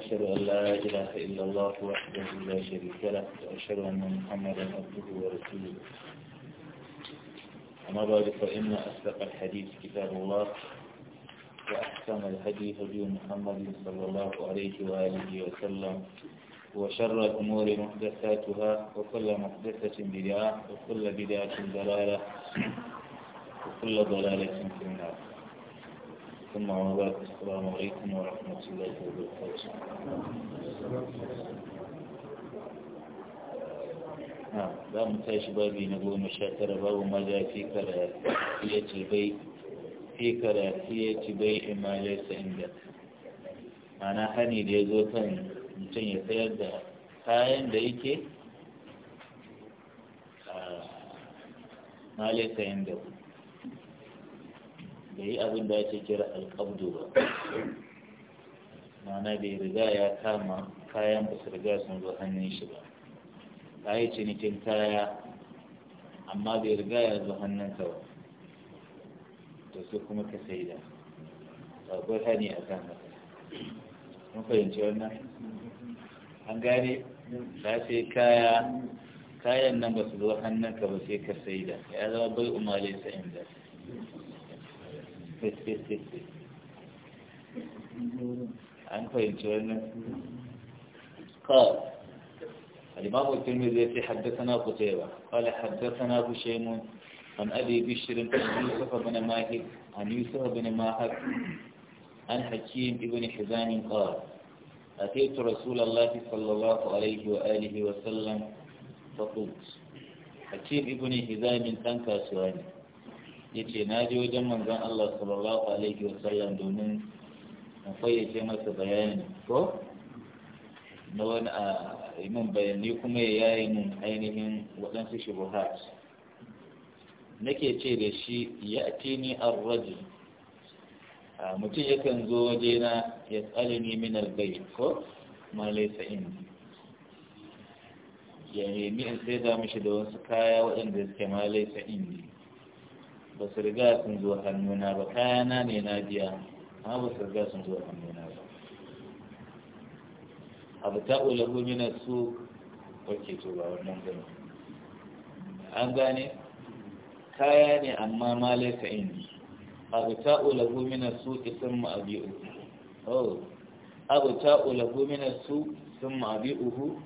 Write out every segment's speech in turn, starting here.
وأشهد أن لا إله إلا الله وحده لا شريك له وأشهد أن محمدا عبده ورسوله أما بعد فإن أصدق الحديث كتاب الله وأحسن الهدي هدي محمد صلى الله عليه وآله وسلم وشر الأمور محدثاتها وكل محدثة بدعة وكل بدعة ضلالة وكل ضلالة في النار ثم عمرك السلام عليكم ورحمة الله وبركاته za mu tashi babi na goma sha tara babu ma za fi karatiya ci bai fi karatiya ci bai in ma ya sa inda mana hani da ya zo kan mutum ya sayar da kayan da yake a ma ya sa da yi abin da ake kira alƙabdu ba ma'ana bai riga ya kama kayan ba su riga sun zo hannun shi ba ka yi cinikin kaya amma bai riga ya zo hannunka ba to su kuma ka sai da akwai hani a kan haka mun fahimci wannan an gane ta sai kaya kayan nan ba su zo hannunka ba sai ka sai da ya zama bai umarai sa'in da an fahimci wannan قال الإمام الترمذي في حدثنا قتيبة قال حدثنا أبو شيمون عن أبي بشر عن يوسف بن ماهر عن يوسف بن ماهر عن حكيم بن حزام قال أتيت رسول الله صلى الله عليه وآله وسلم فقلت حكيم بن حزام تنكى سؤالي ya ce na je wajen manzon Allah sallallahu alaihi sallam domin na fayyace masa bayani ko na wani a imin bayani kuma ya yayi mun ainihin waɗansu shubuhat nake ce da shi ya atini A mutum yakan zo wajena ya tsalini min albayt ko ma laisa in ya nemi in sai da mishi da wasu kaya waɗanda suke ma laisa indi ba su riga sun zo hannuna ba kayana ne na biya amma ba su riga sun zo hannuna ba abu ta ulahu mina su wake to ba wannan gani an gane kaya ne amma ma laisa abu ta ulahu mina su isin ma'abi'u oh abu ta ulahu mina su sun ma'abi'uhu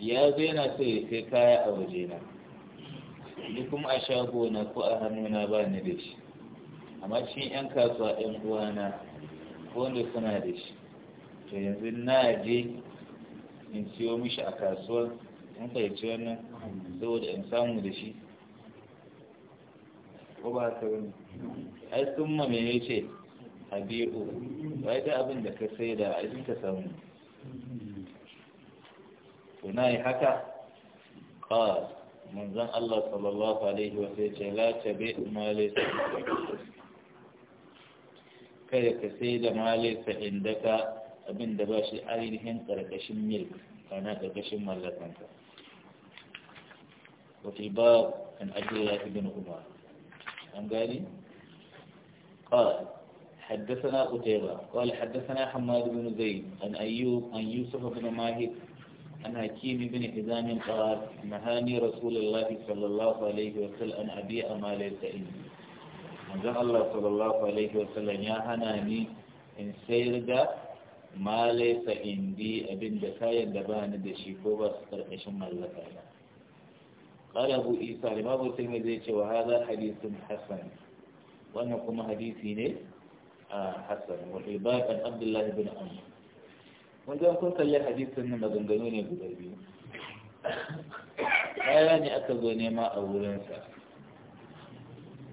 ya zo yana so ya kai kaya a wajena ni kuma a shago na ko a hannuna ba ni da shi amma cikin 'yan kasuwa 'yan uwana ko wanda suna da shi to yanzu na je in siyo mishi a kasuwar in fahimci wannan saboda in samu da shi ko ba ta wani ai sun ma me ce a biyu ba abin da ka sai da a ka samu to na yi haka ƙawar manzan Allah sallallahu alaihi wa sallam la ta ma laysa kada ka sai da ma laysa indaka abin da ba shi ainihin karkashin milk kana karkashin mallakanka wa fi bab an abdullah ibn kuma an gani قال حدثنا قتيبة قال حدثنا حماد بن زيد عن أيوب عن يوسف بن ماهر عن حكيم بن حزام قال نهاني رسول الله صلى الله عليه وسلم أن أبيع ما ليس عندي manzon Allah sallallahu alaihi wasallam ya hana ni in sayar da ma laisa indi abin da kayan da bani da shi ko ba su mallaka na qala abu isa imamu tirmidhi zai ce wa hadha hadithun hasan kuma hadisi ne a hasan wa ibad wajen kun kalli hadisin nan maganganu ne guda biyu kaya ne aka zo nema a wurinsa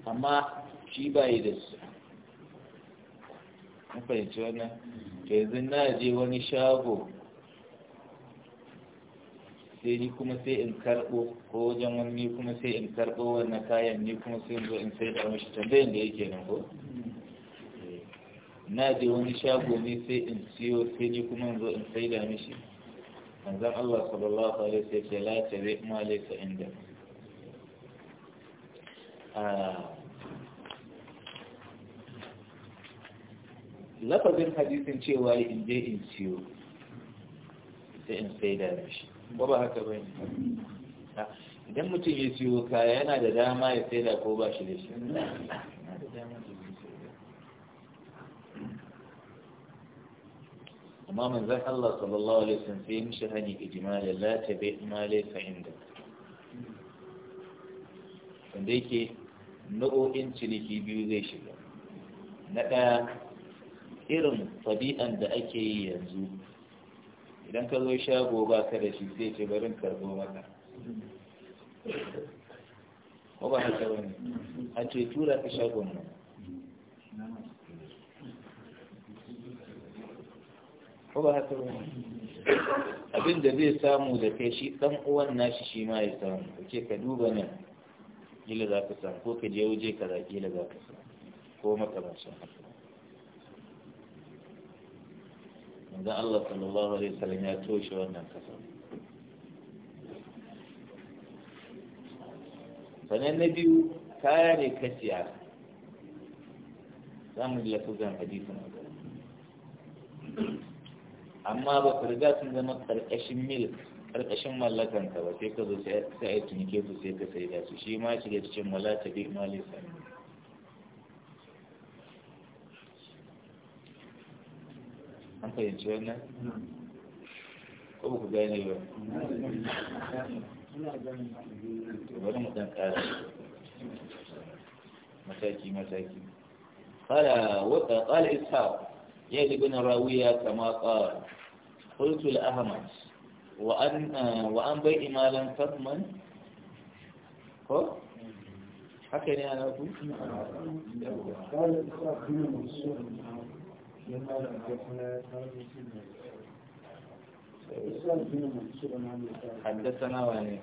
amma shi bayi da su mun fahimci wannan yanzu na je wani shago sai ni kuma sai in karɓo ko wajen wani ni kuma sai in karɓo wannan kayan ni kuma sai in zo in sai da mashi tambayin da yake nan ko na je wani shago ne sai in siyo sai ni kuma in zo in sai da mishi manzan Allah sallallahu alaihi wasallam ce la bi ma laysa inda ah, lafazin hadisin cewa in je in siyo sai in sai da mishi ba ba haka bane ah, idan mutum ya siyo kaya yana da dama ya sai da ko ba shi da shi amma manzon Allah sallallahu alaihi wasallam sai mishi hani ijmala la tabi ma laysa inda wanda yake nau'o'in ciniki biyu zai shiga na ɗaya irin tabi'an da ake yi yanzu idan ka zo shago ba ka da shi sai ce barin karbo maka ko ba haka bane a ce tura ka shagon nan ko ba haka ba abin da zai samu da kai shi dan uwan nashi shi ma ya samu kace ka duba nan kila za ka samu ko ka je waje za kila za ka samu ko makamancin haka manzo Allah sallallahu alaihi wasallam ya toshe wannan kasa sannan na biyu kaya ne ka siya za mu ji lafuzan hadisin a amma ba ku riga sun zama karkashin mil karkashin mallakan ka ba sai ka zo sai a tunike su sai ka sai da su shi ma shi shiga cikin wala ta bi mali sa an fahimci wannan ko ba ku gane ba bari mu dan ƙara mataki mataki قال وقال إسحاق يا ابن راوية كما قال قلت لأحمد وأن وأن بيع ما فضما هو حكى أنا أقول قال الإسحاق بن منصور لما لم تكن حدثنا وأنا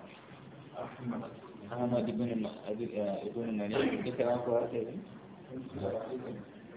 أحمد أحمد بن ابن آه، منيع ذكر أنكم هكذا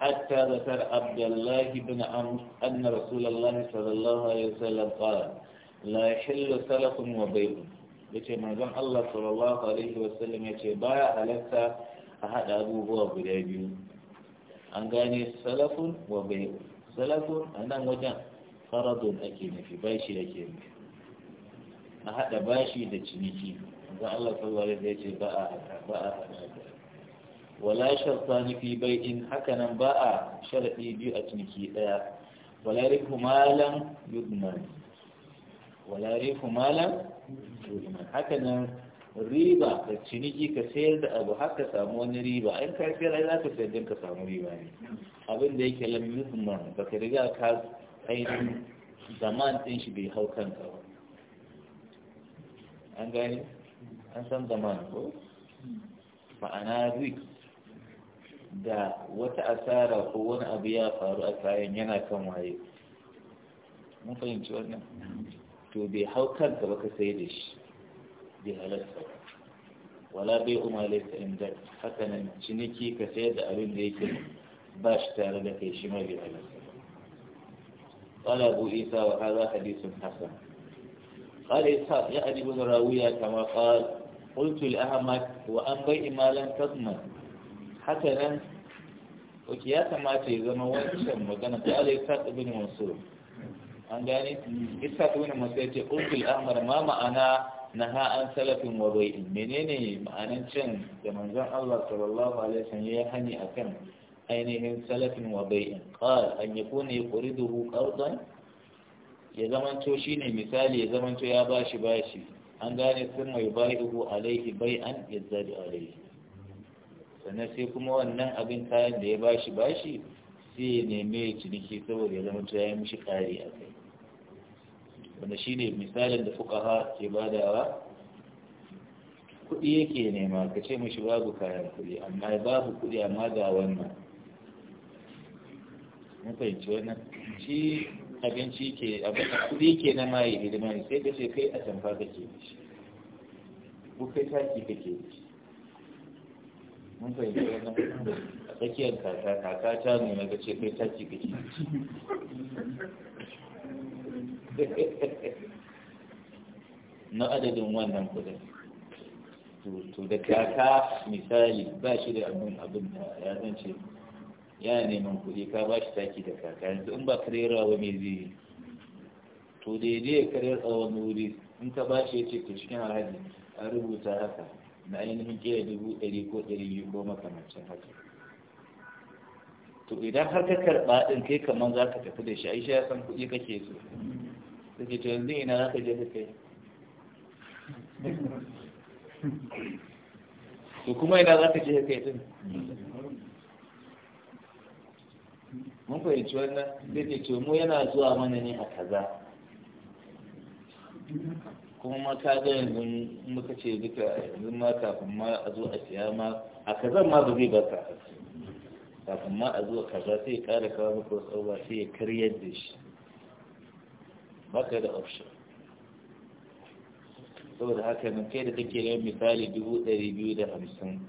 حتى ذكر عبد الله بن عمرو أن رسول الله صلى الله عليه وسلم قال لا يحل سلف وبيض yace manzon Allah sallallahu alaihi yace baya halatta a hada abubuwa guda biyu an gane salafun wa anan wajen faradun ake nufi bashi ake nufi a hada bashi da ciniki manzon Allah sallallahu alaihi wasallam yace ba a hada ba a hada wala shartani fi bai'in hakanan ba a sharadi biyu a ciniki daya wala rifu malan yudman wala rifu malan yudman hakanan riba da ciniki ka sayar da abu haka samu wani riba an ka sayar ai zaka sayar din ka samu riba ne abin da yake lam yudman ka riga ka ainihin zaman din shi bai hau kanka ba an gani an san zaman ko ma'ana risk da wata asara ko wani abu ya faru a kayan yana kan waye mun fahimci wannan to bai hau kanka ba ka sai da shi bai halatta wala bai umarai ta inda haka nan ciniki ka sayar da abin da yake ba shi tare da kai shi ma bai halatta bu isa wa وهذا hadisun hasan قال إسحاق يا أبي بن راوية كما قال قلت لأحمد وأن بيع ما لم تضمن haka nan oke ya kamata ya zama wancan magana ta ala isaac ibn wasu. an gane isaac ibn mansur ya ce ulkul amara ma ma'ana na ha salafin wabai. menene ma'anan can da manzon Allah sallallahu alaihi wasallam ya hani akan ainihin salafin wabai in ƙar an yakuna yuriduhu ƙarɗan ya zamanto ne misali ya zamanto ya bashi bashi an gane sun mai bai'uhu alaihi bai'an yazzadu alaihi sannan sai kuma wannan abin kayan da ya bashi bashi sai ya neme ya ciniki saboda ya zama cewa ya mishi kari a kai wanda shi ne misalin da fukaha ke badawa kudi yake nema ka ce mishi babu kayan kudi? amma babu kudi amma ga wannan mun fahimci wannan shi abinci ke kudi ke na maye hidimani sai ka ce kai a tamfa kake mishi ko kai taki kake mishi mun fahimci wannan a tsakiyar kaka kaka ta ne na gace kai ta ci kake na adadin wannan kudin to da kaka misali ba shi da abin abin da ya zance yana neman kuɗi ka ba shi taki da kaka yanzu in ba karera wa mai zai to daidai ya karyar tsawon wuri in ka ba shi ya ce to cikin alhaji an rubuta haka na ainihin kira dubu ɗari ko ɗari biyu ko makamancin haka to idan har ka karɓa ɗin kai kamar za ka tafi da shi aisha ya san kuɗi kake so kake to yanzu ina za ka je ka kai to kuma ina za ka je ka kai ɗin mun fahimci wannan zai ce mu yana zuwa mana ne a kaza kuma ma ka ga yanzu muka ce duka yanzu ma kafin ma a zo a siya ma a kazan ma ba zai ba ka kafin ma a zo a kaza sai ya kara kawo maka wasu abubuwa sai ya karyar da shi ba ka da option saboda haka nan kai da kake yin misali dubu ɗari biyu da hamsin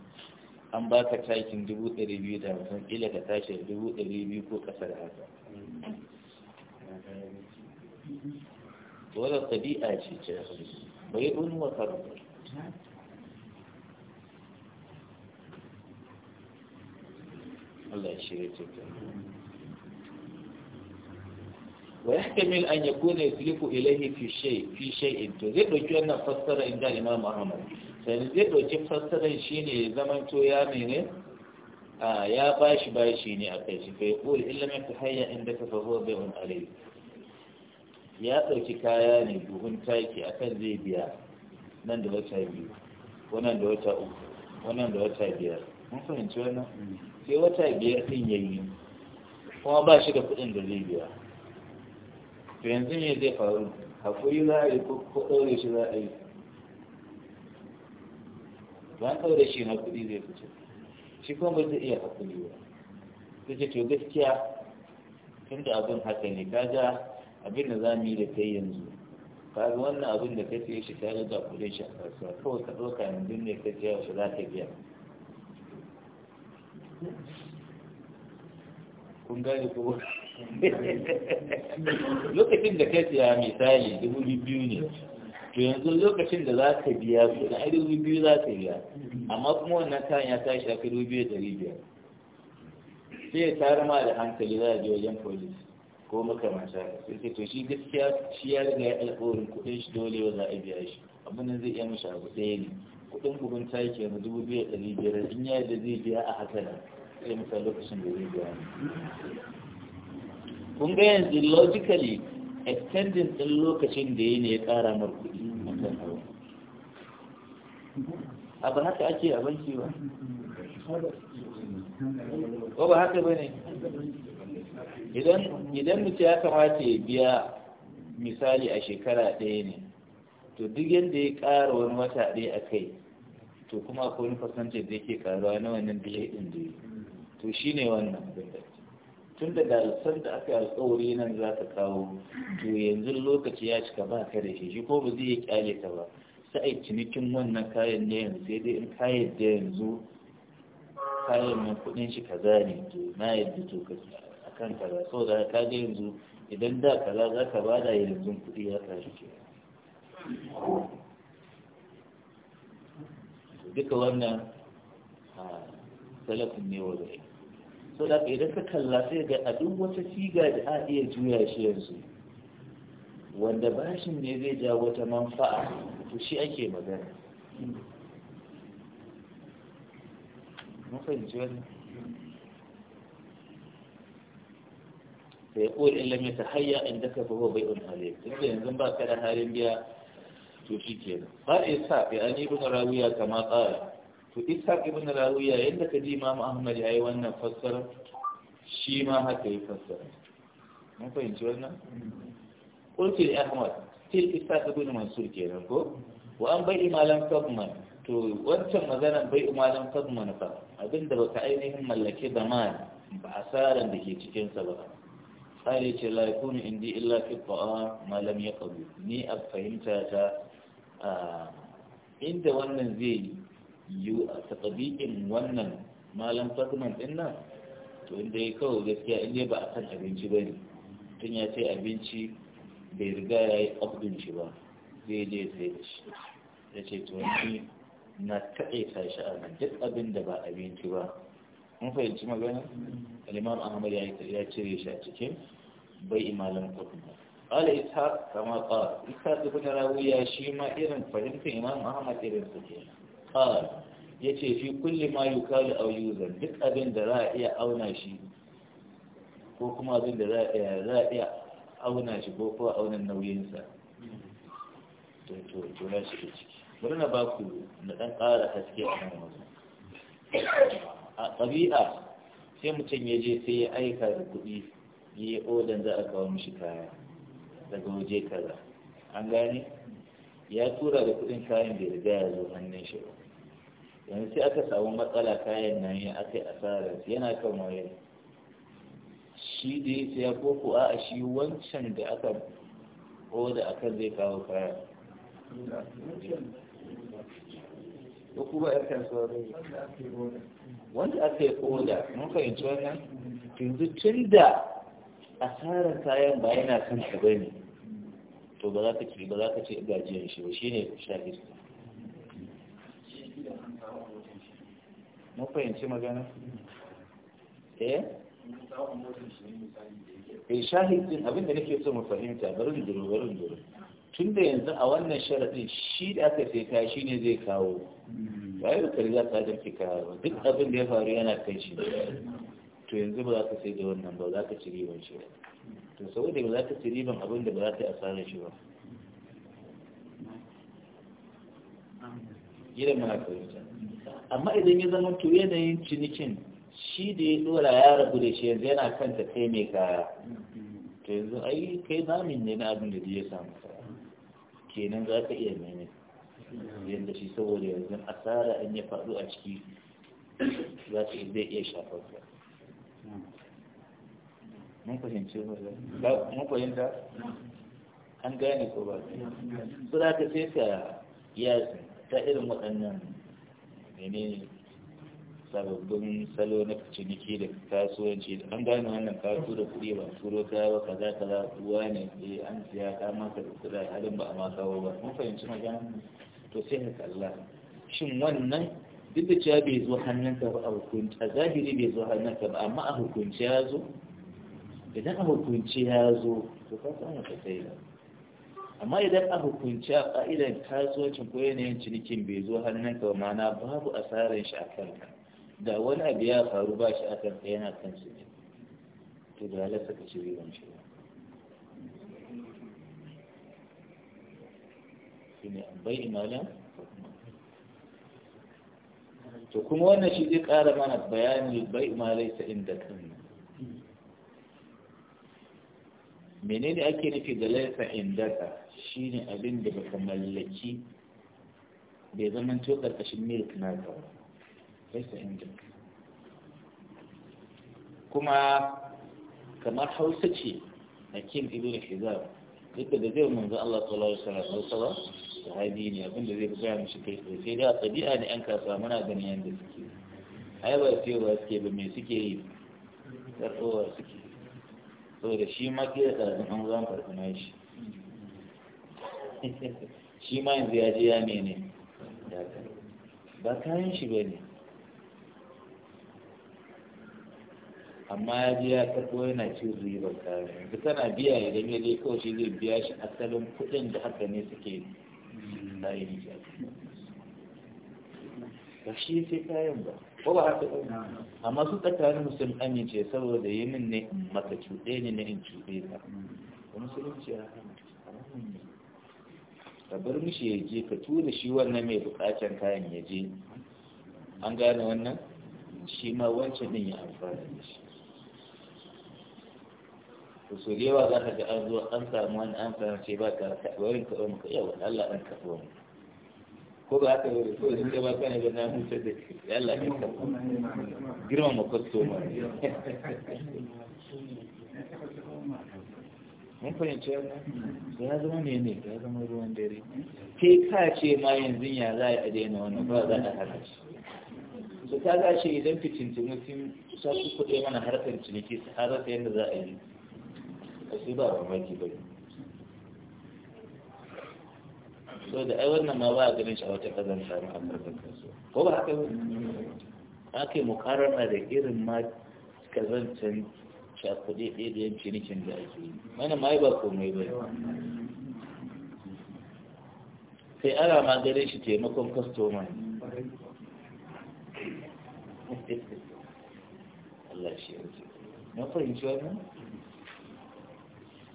an ba ka takin dubu ɗari biyu da hamsin ila ka tashi dubu ɗari biyu ko ƙasa da haka بوله طبيعي شيء يا أخي ما فرق الله يشريك ويحتمل أن يكون يدرك إليه في شيء في شيء إنتو زي بجوا أن فسر الإمام أحمد فنزي بجوا فسر شيني زمن تو يا مني آه يا باش باش شيني أكيد فيقول إلا تحيه تحيا عندك فهو بهم عليه ya ɗauki kaya ne buhun taki akan zai biya nan da wata biyu wannan da wata uku wannan da wata biyar mun fahimci wannan sai wata biyar ɗin ya yi kuma ba shi da kuɗin da zai biya to yanzu ne zai faru haƙuri za a yi ko ɗaure shi za a yi ba ɗaure shi na kuɗi zai fice shi kuma ba zai iya haƙuri ba ta ce to gaskiya tun da abin haka ne kaga abin da za mu yi da kai yanzu kaga wannan abin da ka yi shi ta yi da kudin shi a kasuwa kawai ka ɗauka duk ne ka siya wasu za ka biya kun gane ko lokacin da ka siya misali dubu biyu ne to yanzu lokacin da za ka biya kudin ai dubu biyu za ka biya amma kuma wannan kayan ya tashi a dubu biyu da ɗari biyar sai ya tayar ma da hankali za a je wajen polisi ko makamata sai sai to shi gaskiya shi ya riga ya alƙawarin kuɗin shi dole wa za a biya shi abin nan zai iya mishi abu ɗaya ne kuɗin bugun taki yanzu dubu biyu da ɗari biyar in ya yadda zai biya a haka nan sai masa lokacin da zai biya ne kun ga yanzu logically extending ɗin lokacin da ya ne ya ƙara mar kuɗi a kan hawa abu haka ake a banki ba ko ba haka ba ne idan mutum ya kamata ya biya misali a shekara ɗaya ne to duk yadda ya ƙara wani wata ɗaya a kai to kuma akwai wani fasanci da yake ƙaruwa na wannan biya ɗin da to shi ne wannan abin da tun da dalisan da aka yi alƙawari nan za ka kawo to yanzu lokaci ya cika ba ka da shi shi ko ba zai kyale ƙyale ta ba sai cinikin wannan kayan ne yanzu sai dai in kayan da yanzu kayan mai kuɗin shi kaza ne to na yadda to ka kan kaza so da ka ga yanzu idan da kaza za ka bada yanzu kuɗi ya ka shi duka wannan salafin ne wa zai so da idan ka kalla sai ga a duk wata siga da a iya juya shi yanzu wanda bashin ne zai ja wata manfa'a to shi ake magana mun fahimci wannan فيقول إن لم يتحيأ عندك فهو بيء عليك إنت ينزم كان هارين بيا تشيكين قال إسحاق يعني ابن راوية كما قال فإسحاق ابن راوية عندك دي إمام أحمد أي وانا فسر شيما حتى يفسر ما فهمت ولا؟ قلت يا أحمد تلك إسحاق ابن منصور كينا وأن بيء ما لم تضمن to مثلا maganar bai umarin kadmana ba abinda baka ainihin mallake zaman ba asaran da ke kare ce la yakunu indi illa fi ta'a ma lam yaqbu ni a fahimta ta inda wannan zai yi a taqdiqin wannan malam fatman din nan to inda ya kawo gaskiya inda ba a kan abinci bane tun ya ce abinci bai riga ya yi abdun shi ba zai je sai da shi ya ce to ni na ta shi a nan duk abin da ba abinci ba mun fahimci magana al'imam ahmad ya cire shi a cikin bai kudu ba qala ita kama Ita ishaq ibn rawiya shi ma irin fahimtar imam ahmad irin su ke ya ce fi kulle ma yukalu aw yuzan duk abin da za a iya auna shi ko kuma abin da za a iya auna shi ko kuma auna nauyinsa to na shi ciki bari na ba ku na ɗan ƙara haske a nan wajen a ƙabi'a sai mutum ya je sai ya aika da kuɗi yi odan za a kawo mishi kaya daga waje kaza an gane ya tura da kudin kayan da riga ya zo hannun shi ba yanzu sai aka samu matsala kayan nan ya aka yi asarar yana kan waye shi da ya tsaya ko ku a shi wancan da aka oda a kan zai kawo kaya ko kuma yar kasuwa wanda aka yi oda mun fahimci wannan yanzu tun da asarar kayan ba yana kan ba ne, to ba za ka ci ba za ta ce gajiyar shi ba shine su mun fahimci magana eh eh shahid din abin da nake so mu fahimta barin duru barin duru tun da yanzu a wannan sharadin shi da aka sai ka shi ne zai kawo ba yau kari ta ka kika duk abin da ya faru yana kai shi to yanzu ba za ka sai da wannan ba za ka ci riban shi to saboda ba za ka ci riban abin da ba za ka yi asarar shi ba gidan mana fahimta amma idan ya zama to yanayin cinikin shi da ya dora ya rabu da shi yanzu yana kan ta kai mai kaya to yanzu ai kai zamin ne na abin da ya samu kenan za ka iya mene yadda shi saboda yanzu asara an ya faɗo a ciki za ka iya shafar ka mun fahimce mun fahimta an gane ko ba su za ka sai ka ya ta irin waɗannan ne sababbin salo na ciniki da kasuwanci da an gane wannan kasu da kuɗi ba turo kaya ba kaza kaza ruwa ne ke eh, an siya ka maka da kuɗa halin ba a ma kawo ba mun fahimci magana to sai ka kalla shin wannan duk da cewa bai zo hannunka ba a hukunci a zahiri bai zo hannunka ba amma a hukunci ya zo idan a hukunci ya zo to ka samu ka sai da amma idan a hukunci a ƙa'idan kasuwancin ko yanayin cinikin bai zo hannunka ba mana babu asarar shi a kanka da wani abu ya faru ba shi a kanka yana kan su ne to da halarsa ka ci riban shi ba shi ne an bai imalan to kuma wannan shi zai ƙara mana bayani bai ma laisa inda kan menene ake nufi da laisa inda ka shine abin da baka mallaki bai zama to karkashin milk na ka laisa inda kuma kamar hausa ce a hakim ibn hizab duk da zai manzo Allah sallallahu alaihi wasallam sahabi ne abinda zai fi gaya mishi kai sai da a ne yan kasuwa muna ganin yadda suke ai ba sai ba suke ba me suke yi tsarkowa suke saboda shi ma ke da ɗazin an zuwan farfina shi shi ma yanzu ya je ya mene ba kayan shi ba ne amma ya je ya karɓo yana cin ribar kayan yanzu kana biya idan ya je kawai shi zai biya shi asalin kuɗin da haka ne suke na yi ba shi sai kayan ba ko ba haka ɗau amma su tsakanin musulmi amince saboda yi min ne maka cuɗe ne na in cuɗe ka ba musulunci ya haramun ne ka bar mishi ya je ka tura shi wannan mai buƙatar kayan ya je an gane wannan shi ma wancan ɗin ya amfana da shi to yawa za ka ga an zo an samu wani an samu ce ba ka karɓarin ka wani ka yawa Allah an karɓa wani ko ba haka yau ko da ba ne ga na hutar da Allah ya karɓa girma ma kwastoma mun fahimci wannan ya zama ne ne ya zama ruwan dare ke ka ce ma yanzu ya za a daina wannan ba za a hana shi su ta shi idan fitintinu sun sa su kuɗe mana harkar ciniki su har yadda za a yi ashe shi ba mamaki ba ne. so da ai wannan ma ba a ganin shi a wata kazanta na kansu kasuwa ko ba haka ba ake mukarana da irin ma kazantan shakuɗe ɗaya da yanci nikin da ake yi mana ma ba komai ba sai ana ma gare shi taimakon kwastoma ne Allah shi yanzu na fahimci wannan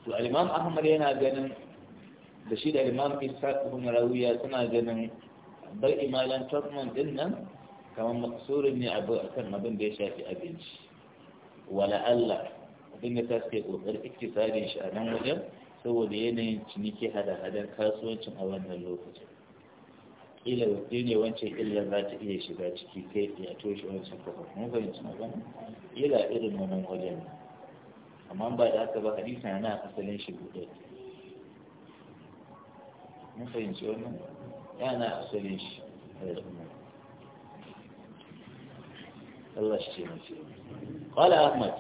to al ahmad yana ganin da shi da al-imam ishaq ibn rawiya suna ganin bai imalan tafman din nan kamar maksurin ne abu akan abin da ya shafi abinci wala Allah abin da ta suke kokar iktisadin shi a nan wajen saboda yanayin ciniki hada-hadar kasuwancin a wannan lokacin ila wani ne wancan illar za ta iya shiga ciki kai ya toshe wancan kafa mun fahimci magana ila irin wannan wajen amma ba da haka ba hadisi na nan asalin shi buɗe mun fahimci wannan yana asalin shi Allah shi ce mace qala ahmad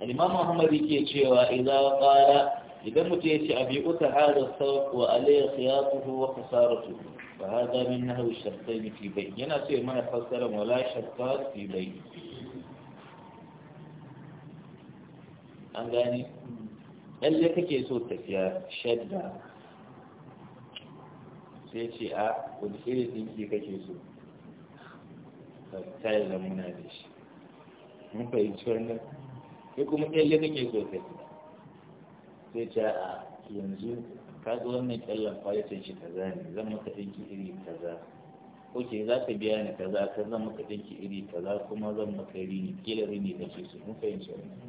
al-imam ahmad yake cewa idza qala idan mutum yace abi uta hada sawt wa alayhi khiyatuhu wa khasaratuhu fa hada min nahwi ash-shartayn fi bayn yana ce mana fassara wala shartat fi bayn an gane lalle kake so tafiya shadda sai ce a wani irin dinki kake so ta yi zamuna da shi mun fahimci wannan sai kuma kyalle kake so tafiya sai ce a yanzu ka ga wannan kyallen kwalitin shi kaza ne zan maka dinki iri kaza ok za ka biya ni kaza ka zan maka dinki iri kaza kuma zan maka rini kila rini kake so mun fahimci wannan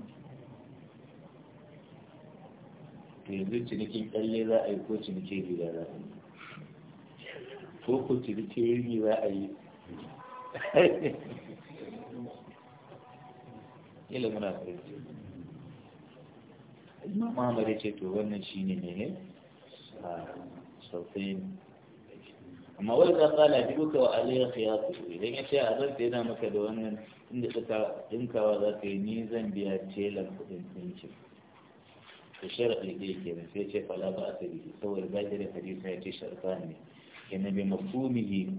to yanzu cinikin kalle za a yi ko cinikin riga za a yi ko ko cinikin riga za a yi ila muna fahimci imam ahmad ya ce to wannan shine ne ne a sautin amma wani ka kala bi duka wa aliyar khiyasu idan ya ce a zan yana maka da wannan inda suka dinkawa za ka yi ni zan biya telan kudin ɗinkin to sharaɗi ke kenan sai ce fala ba a sabi saboda zahirin hadisi ya ce sharaɗa ne kenan bai mafhumihi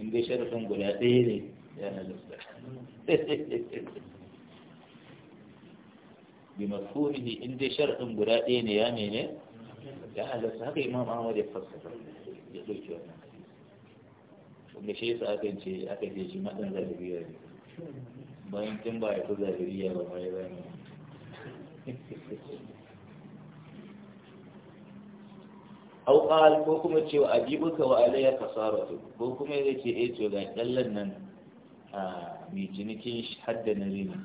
in dai sharafin guda ɗaya ne ya na halatta bi mafhumihi in dai sharafin guda ɗaya ne ya mene ya halatta haka imam ahmad ya fassara ya ɗauki wannan wanda shi yasa aka ce aka ce shi matsan zahiriya ne bayan tun ba ya fi zahiriya ba ma ya zama أو قال كوكما تشيو أجيبك وعليا خسارة كوكما يريكي إيتو غاية قلنا آه، ميجنكي حد نرينا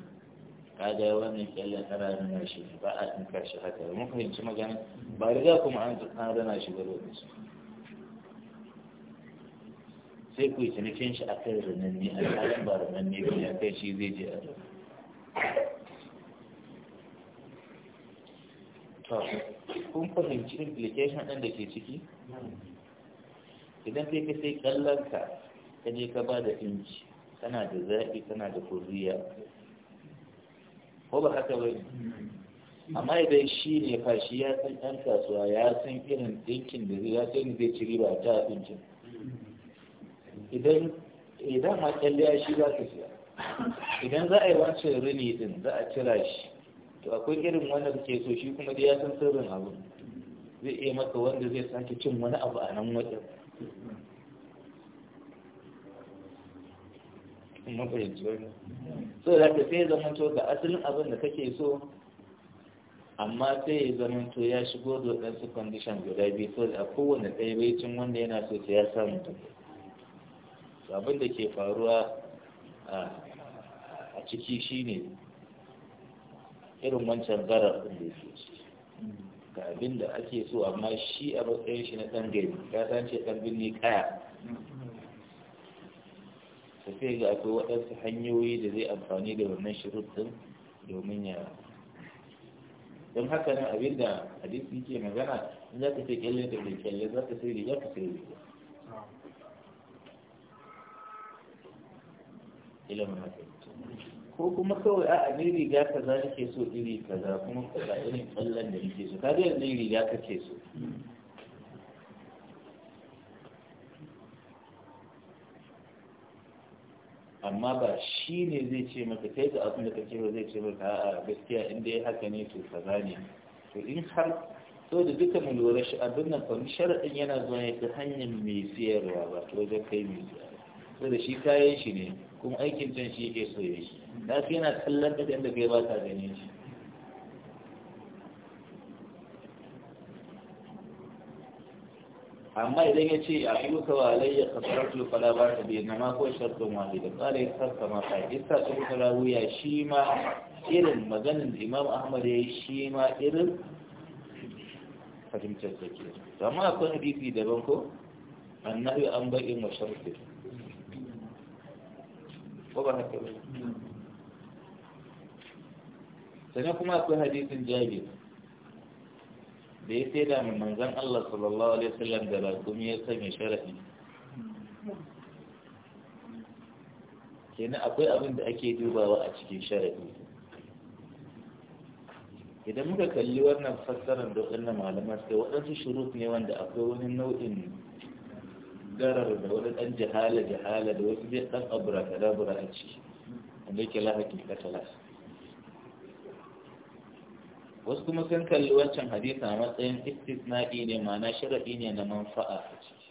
هذا هو أنك إلا ترى نناشي فقط نكاشي حتى ممكن أن تشمع جانا بارغاكم عن تقنا رناشي بلوك سيكو يتنكي إنش أكل رنني أكل رنني بني أكل شي زي جي أدو kun fahimci implication ɗin da ke ciki idan kai ka sai kallonka ka je ka ba da inci kana da zaɓi kana da kuriya ko ba haka ba amma idan shi ne fashi ya san ɗan kasuwa ya san irin ɗinkin da ya san zai ci riba ta abinci. idan idan ma kyalle shi za ka siya idan za a yi wancan rini din za a cira shi to akwai irin wanda kake so shi kuma dai ya san sirrin abu zai iya maka wanda zai sake cin wani abu a nan wajen Kuma mafahimci wani so da ka sai zama to ga asalin abin da kake so amma sai ya zama to ya shigo da waɗansu condition guda biyu so da kowane ɗaya bai cin wanda yana so sai ya samu abin da ke faruwa ah, a ciki shine irin wancan garar ɗin da yake ciki ga abin da ake so amma shi a matsayin shi na ɗan gari ya san ce ɗan birni kaya tafiya ga akwai waɗansu hanyoyi da zai amfani da wannan shirut domin ya don haka nan abin da hadisi ke magana in za ka ce kyalle da bai kyalle za ka sai riga ka sai riga ilimin hakan ko kuma kawai a ne riga ka kaza ke so iri kaza kuma kaza irin kallon da nake so zai yanzu riga ka ke so amma ba shi ne zai ce maka kai ga abin da kake ba zai ce maka a gaskiya inda ya haka ne to kaza ne to in har so da duka mu lura shi abin nan kwami sharaɗin yana zuwa ya ta hanyar mai siyarwa ba to wajen kai mai siyarwa so da shi kayan shi ne kuma aikin can shi yake so ya shi da shi yana kallon da da kai ba ta ganin shi amma idan ya ce a yi ka wa alayya kasarar tulfala ba ta biyu na mako shartun wani da tsara ya sassa maka isa ta wuta rawuya shi ma irin maganin da imam ahmad ya yi shi ma irin fahimtar ta ke zama akwai hadisi daban ko annabi an bai in wa shartun ko ba haka ba sannan kuma akwai hadisin jabir da ya sai da manzan Allah sallallahu alaihi wasallam da rakumi ya sanya shara'i kenan akwai abin da ake dubawa a cikin shara'i idan muka kalli wannan fassarar da wannan malaman sai waɗansu shuruf ne wanda akwai wani nau'in garar da wani ɗan jihala jihala da wasu zai ɗan abura kadabura a ciki wanda yake lahakin katalas wasu kuma sun kalli wancan hadisa a matsayin istisna'i ne ma'ana sharaɗi ne na manfa'a a ciki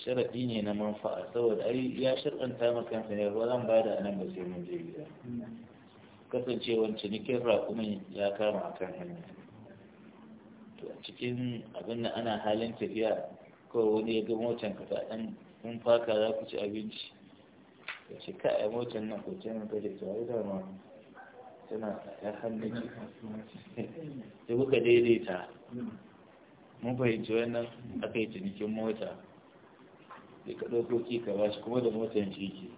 sharaɗi ne na manfa'a saboda ai ya sharɗanta maka ne ko zan ba da nan ba sai mun je gida kasancewar cinikin raƙumin ya kama a kan hanya to a cikin abin da ana halin tafiya kawai wani ya ga motan ka ɗan kun faka za ku ci abinci ya ce ka a motar nan ko ce mun kaje ta da dama tana ya hannun ce sai kuka daidaita mun fahimci wannan aka yi cinikin mota sai ka ɗauko ki ka bashi kuma da motar ciki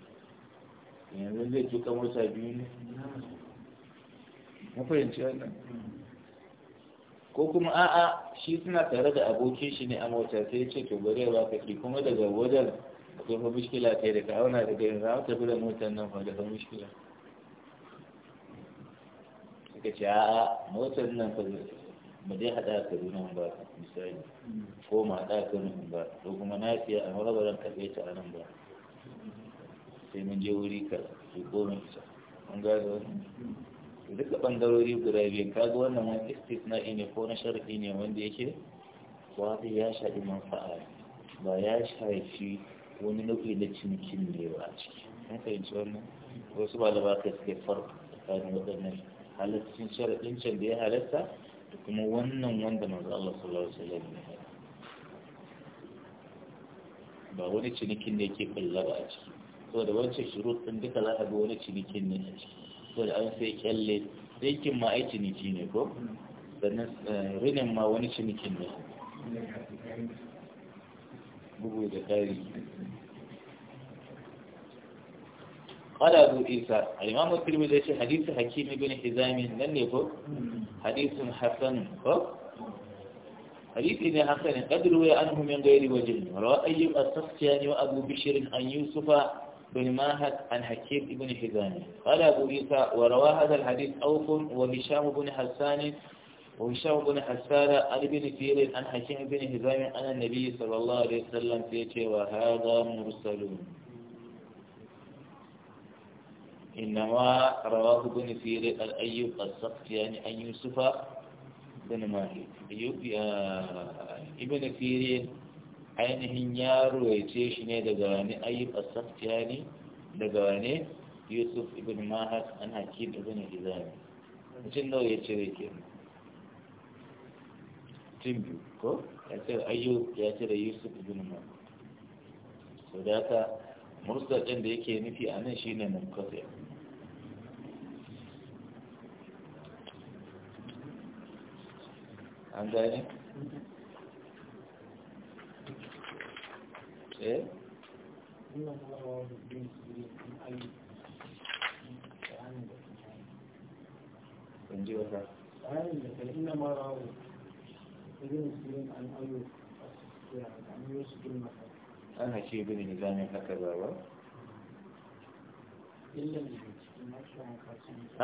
yanzu zai tuka mota biyu ne mun fahimci wannan ko kuma a'a shi suna tare da abokin shi ne a mota sai ya ce to gwada ya baka ki kuma daga wajen akwai fa mushkila kai da ka auna da kai za ta da motar nan fa da fa mushkila ka ce a'a motar nan fa mu dai haɗa ka nan ba misali ko ma haɗa ka nan ba ko kuma na fiye a marabaran karɓe ta a nan ba sai mun je wuri ka su komin isa mun gaza wani da ɓangarori guda biyu ga wannan wani na ine ko na sharafi ne wanda yake wata ya shaɗi manfa'a ba ya shafi wani nufi na cinikin ne ba a ciki an fahimci wannan wasu ba ka suke farko tsakanin waɗannan halittacin sharaɗin can da ya halitta da kuma wannan wanda manzo Allah sallallahu alaihi wasallam ya ba wani cinikin ne ke kulla ba a ciki saboda wancan shurut ɗin duka za a ga wani cinikin ne a ciki saboda an sai kyalle aikin ma ai ciniki ne ko sannan eh, rinin ma wani cinikin ne بو دخاري قال أبو عيسى الإمام الترمذي يقول حديث حكيم بن حزام لن يكون حديث حسن حديث ابن حسن قد روي عنه من غير وجه روى أيوب السختياني وأبو بشر عن يوسف بن ماهد عن حكيم بن حزام قال أبو عيسى وروى هذا الحديث أوف وهشام بن حسان وهشام بن حسان عن ابن كثير عن حكيم بن هزام عن النبي صلى الله عليه وسلم فيتي وهذا مرسل إنما رواه ابن كثير قال أيوب الصفت يعني أن يوسف بن ماهر أيوب يا ابن كثير عينه نيار ويتيش نيدا أيوب الصفت يعني دغاني يوسف بن ماهر عن حكيم ابن هزام جنو يتيش mutum biyu ko ya ce ayyu ya ce da yusuf ibn mun so da haka mursal din da yake nufi a nan shine munqati an eh ibn sirin an ayo an bin masar an haka ba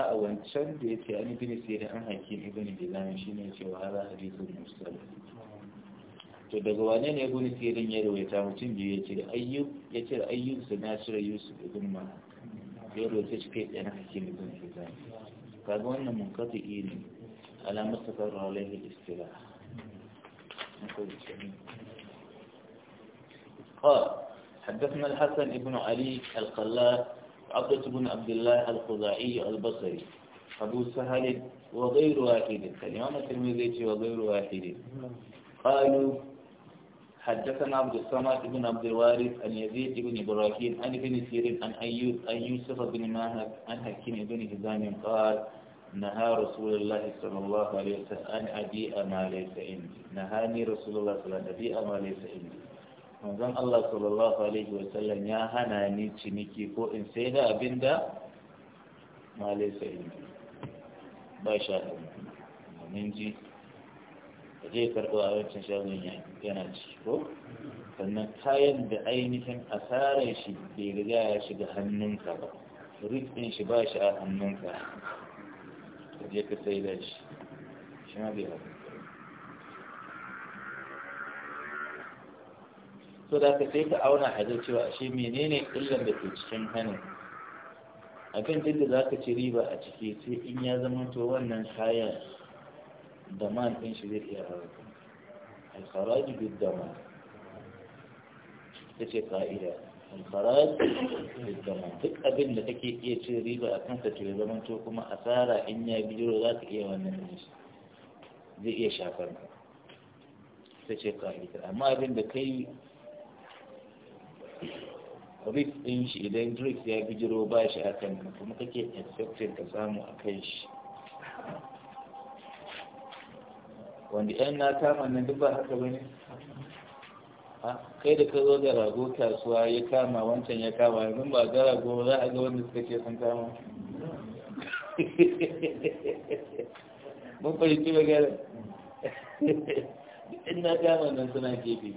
a wancan da ya ce an ibn sirin an hakim ibn nizamin shine cewa hada hadithul muslim to daga wane ne ibn sirin ya rawaita mutum biyu ya ce ayyub ya ce ayyub sanasir yusuf ibn ma ya rawaita shi kai tsaye na hakim ibn kaga wannan munkati ne alamar tafarra alaihi istilah قال حدثنا الحسن بن علي القلاه عبدة بن عبد الله الخزاعي البصري أبو سهل وغير واحد الإمام الترمذي وغير واحد قالوا حدثنا عبد الصمد بن عبد الوارث عن يزيد بن إبراهيم عن ابن سيرين عن أيوب عن يوسف بن ماهر عن حكيم بن هزام قال نهى رسول الله صلى الله عليه وسلم أن أبيع ما ليس عندي نهاني رسول الله صلى الله عليه وسلم أبيع ما ليس عندي manzon Allah sallallahu alaihi wa sallam ya hana ni ciniki ko in sai da abin da ma laisa indi ba sha da mun ji da zai karɓo a wancan shawarar yana ci ko sannan kayan da ainihin asarar shi bai riga ya shiga hannunka ba rikin shi ba shi a hannunka ka je ka so da ka sai ka auna a ga cewa ashe menene illan da ke cikin hannun abin duk da za ka ci riba a ciki sai in ya zama to wannan kayan da man ɗin shi zai iya halatta alkharaji bid da man ita ce ka'ida alfaraj zama duk abin da kake iya cin riba a kansa to ya zama to kuma asara in ya biro za ta iya wannan da zai iya shafar ka ta ce ka'ida amma abin da kai rik ɗin shi idan rik ya bijiro ba shi a kan kuma kake expecting ka samu a kan shi wanda 'yan na kama nan duk ba haka ba ne kai da ka zo da rago kasuwa ya kama wancan ya kama yanzu ba ga rago za a ga wanda suka ke sun kama mun fahimci gara in na kama nan suna gefe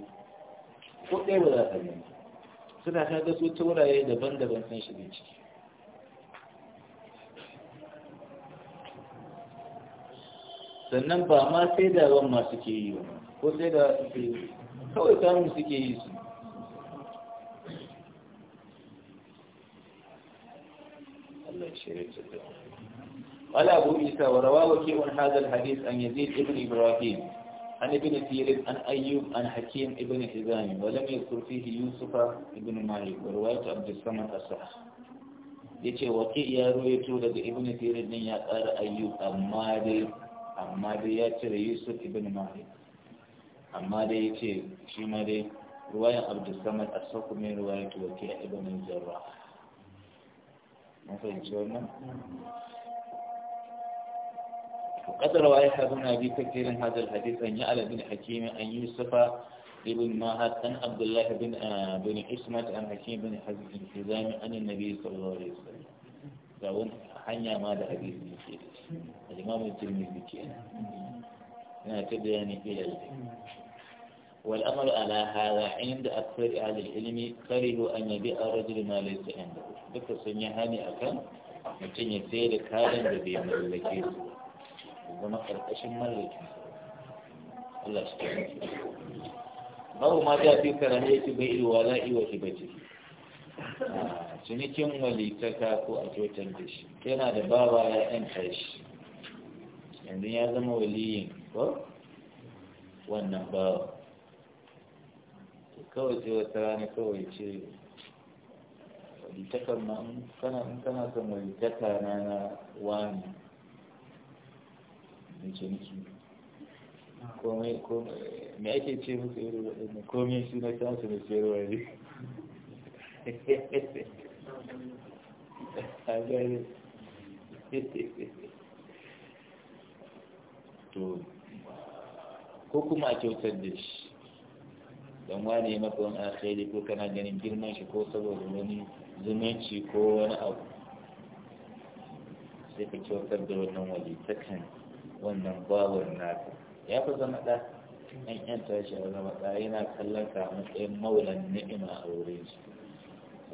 ko ɗaya ba za a gani suna ga su wurare daban-daban sun shiga ciki sannan ba ma sai da ruwan masu ke yi ba ko sai da su ke yi kawai samu suke yi su قال أبو عيسى وروى وكيع هذا الحديث عن يزيد بن إبراهيم عن ابن سير عن أيوب عن حكيم ابن حزام ولم يذكر فيه يوسف ابن مالك ورواية عبد الصمد الصح yace waƙi ya ruwaito daga ibn sirin din ya ƙara ayyub amma dai amma dai ya cire yusuf ibn malik amma dai ya ce shi ma dai ruwayan abdulsamad a sauku mai ruwaya ta wake a ibanin jarra mafi yanci wannan وقد روى يحيى بن ابي كثير هذا الحديث عن يعلى بن حكيم عن يوسف ابن ماهد عن عبد الله بن بن bin عن حكيم بن حزام عن النبي صلى الله عليه وسلم. داون hanya ma da hadisi ke da shi al-imamu tirmidhi yana ta bayani ilal والأمر على هذا عند أكثر أهل العلم كرهوا أن يبيع الرجل ما ليس عنده duka sun yi hani a kan mutum ya sayar da kayan da bai mallake su zama ƙarƙashin mallaki Allah ta fi karanta ya ci bai ilwa la'i wa ki bace cinikin walitaka ko a kyautar da yana da bawa ya yan tashi yanzu ya zama waliyin ko wannan bawa kawai sai wata rana kawai ce walitakar na in kana son walitaka na na wani mai ciniki komai komai ake ce musu irin waɗanda komai suna kansu na sayarwa ne a gari to ko kuma a kyautar da shi don wani ya maka wani alkhairi ko kana ganin girman shi ko saboda wani zumunci ko wani abu sai ka kyautar da wannan waje ta kan wannan na naka ya fi zama ɗa an 'yan tashi a zama ɗa yana kallon ka matsayin maulan ni'ima a wurin shi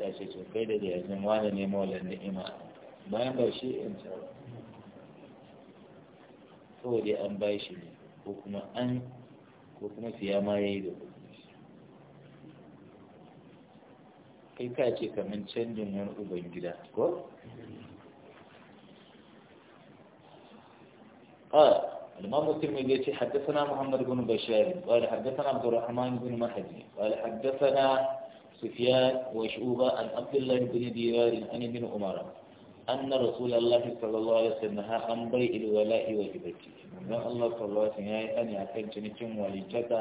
ya ce to kai da yanzu wani ne maulan ni'ima bayan ba shi yanta ta kawai dai an bai shi ne ko kuma an ko kuma siya ma ya yi da kuɗi kai ka ce kamar canjin yan uban gida ko? قال الإمام الترمذي يقول حدثنا محمد بن بشار قال حدثنا عبد الرحمن بن محجي قال حدثنا سفيان وشعوبة عن عبد الله بن دينار عن ابن عمر أن رسول الله صلى الله عليه وسلم نهى عن بيع الولاء والهبة من الله صلى الله عليه وسلم أن يكون جنتم ولجتا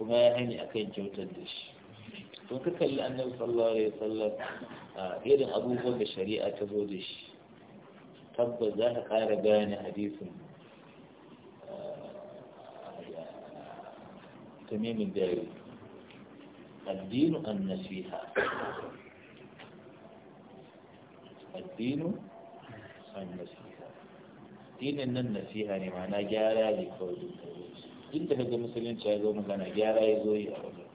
كما يهني أكن جوتا دش don ka kalli annabi sallallahu alaihi wasallam a irin abubuwan da shari'a ta zo da shi tabbas za ka kara gane hadisin tamimin dari addinu an nasiha addinu an nasiha dinin nan nasiha ne ma'ana gyara ne kawai duk da ga musulunci ya zo magana gyara ya zo yi a wajen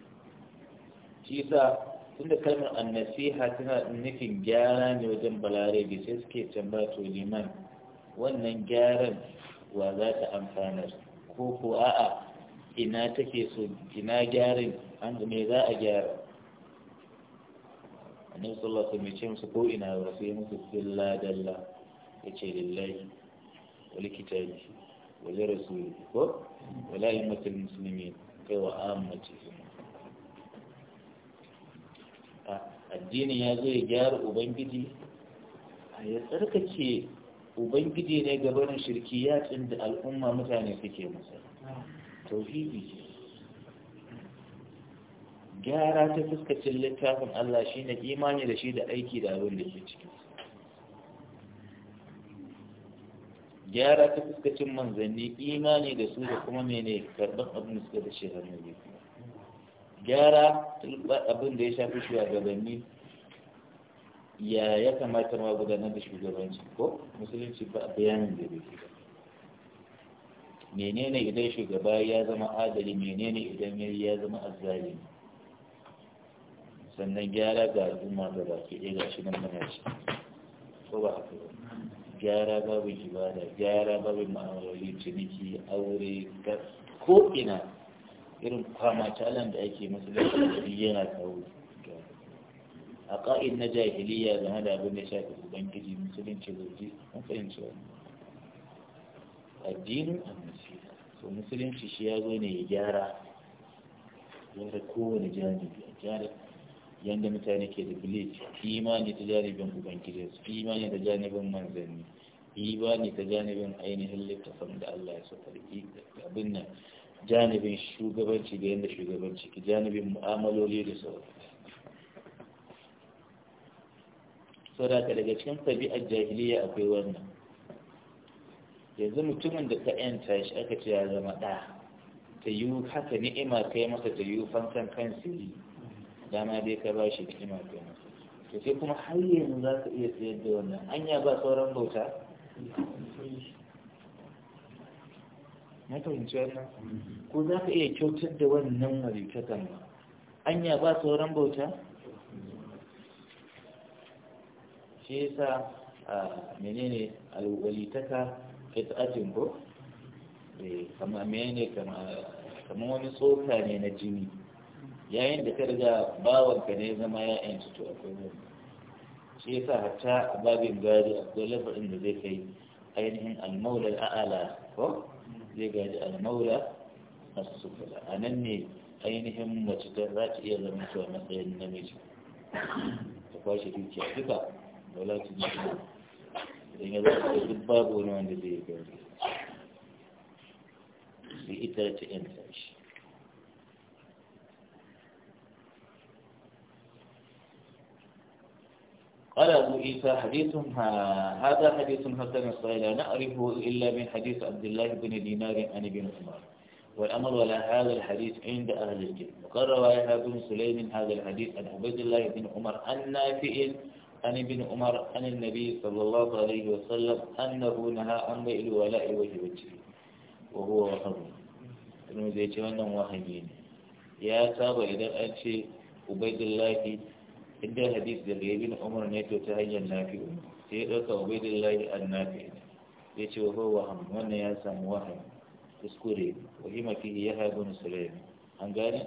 shi yasa tunda kalmar annasiha tana nufin gyara ne wajen balarabe sai suke tamba to liman wannan gyaran wa za ta amfanar ko ko a'a ina take so ina gyaran an me za a gyara annabi sallallahu alaihi wasallam ya ce musu ko ina ba sai musu filla dalla yace lillahi wa kitabi wal rasuli ko wal ummatil muslimin kai wa ammatihi addinin ya zo ya gyara ubangiji a ya tsarkake ubangiji ne gabanin shirki yakin da al'umma mutane suke masa tauhidi gyara ta fuskacin littafin Allah shi shine imani da shi da aiki da abin da ke ciki gyara ta fuskacin manzanni imani da su da kuma mene karɓar abin da suka da shi hannu gyara abin da ya shafi shugabanni ya ya kamata ma gudanar da shugabanci ko musulunci ba bayanin da bai ba menene idan shugaba ya zama adali menene idan ya zama azzalimi sannan gyara ga al'umma da baki ɗaya ga shi nan mana shi ko ba haka ba gyara babu ibada gyara babu ma'amaloli ciniki aure ko ina irin talan da ake musulunci yana kawo a ƙa'id na jahiliya zama da abin da shafi ubangiji musulunci ji an fahimci wani addinin annasi so musulunci shi ya zo ne ya gyara gyara kowane janibi a gyara yadda mutane ke da bilis imani ta janibin ubangiji imani ta janibin manzanni imani ta janibin ainihin littafin da allah ya so abin nan janibin shugabanci da yadda shugabanci ki janibin mu'amaloli da sauran saboda daga cikin tabi'ar jahiliya akwai wannan yanzu mutumin da ka yanta shi aka ce ya zama ɗa ta yi haka ni'ima kai masa ta yi fankan kan siri dama dai ka ba shi ni'ima kai masa to sai kuma har yanzu za ka iya sayar da wannan anya ba sauran bauta na wannan ko za ka iya kyautar da wannan walittakan anya ba sauran bauta shi yasa a menene alwalitaka fitatin ko eh, kama menene kama wani tsoka ne na jini yayin da ka riga ka ne zama ya yanci to a wani shi yasa hatta a babin gari a lafarin da zai kai ainihin almaular a'ala ko zai gaji al-maula as-sufla anan ne ainihin mace ta za ta iya zama cewa matsayin namiji ta kwashe dukiya duka da latin juna idan ya zama ta duk babu wani wanda zai gaji sai ita ta yanta shi قال أبو عيسى حديث هذا حديث حسن صحيح لا نعرفه إلا من حديث عبد الله بن دينار عن ابن عمر والأمر على هذا الحديث عند أهل العلم وقال رواية بن سليم هذا الحديث عن عبد الله بن عمر عن نافع عن ابن عمر عن النبي صلى الله عليه وسلم أنه نهى عن بيع الولاء وجهه وهو وهم ابن زيد وهم وهمين يا سابا إذا أنت عبيد الله inda hadith daga ibn umar ne to ta hanyar nafi'u sai ya dauka ubaydillah an-nafi' ya ce wa huwa ya samu wahayi kuskure wahima ya haibu sulaimi an gane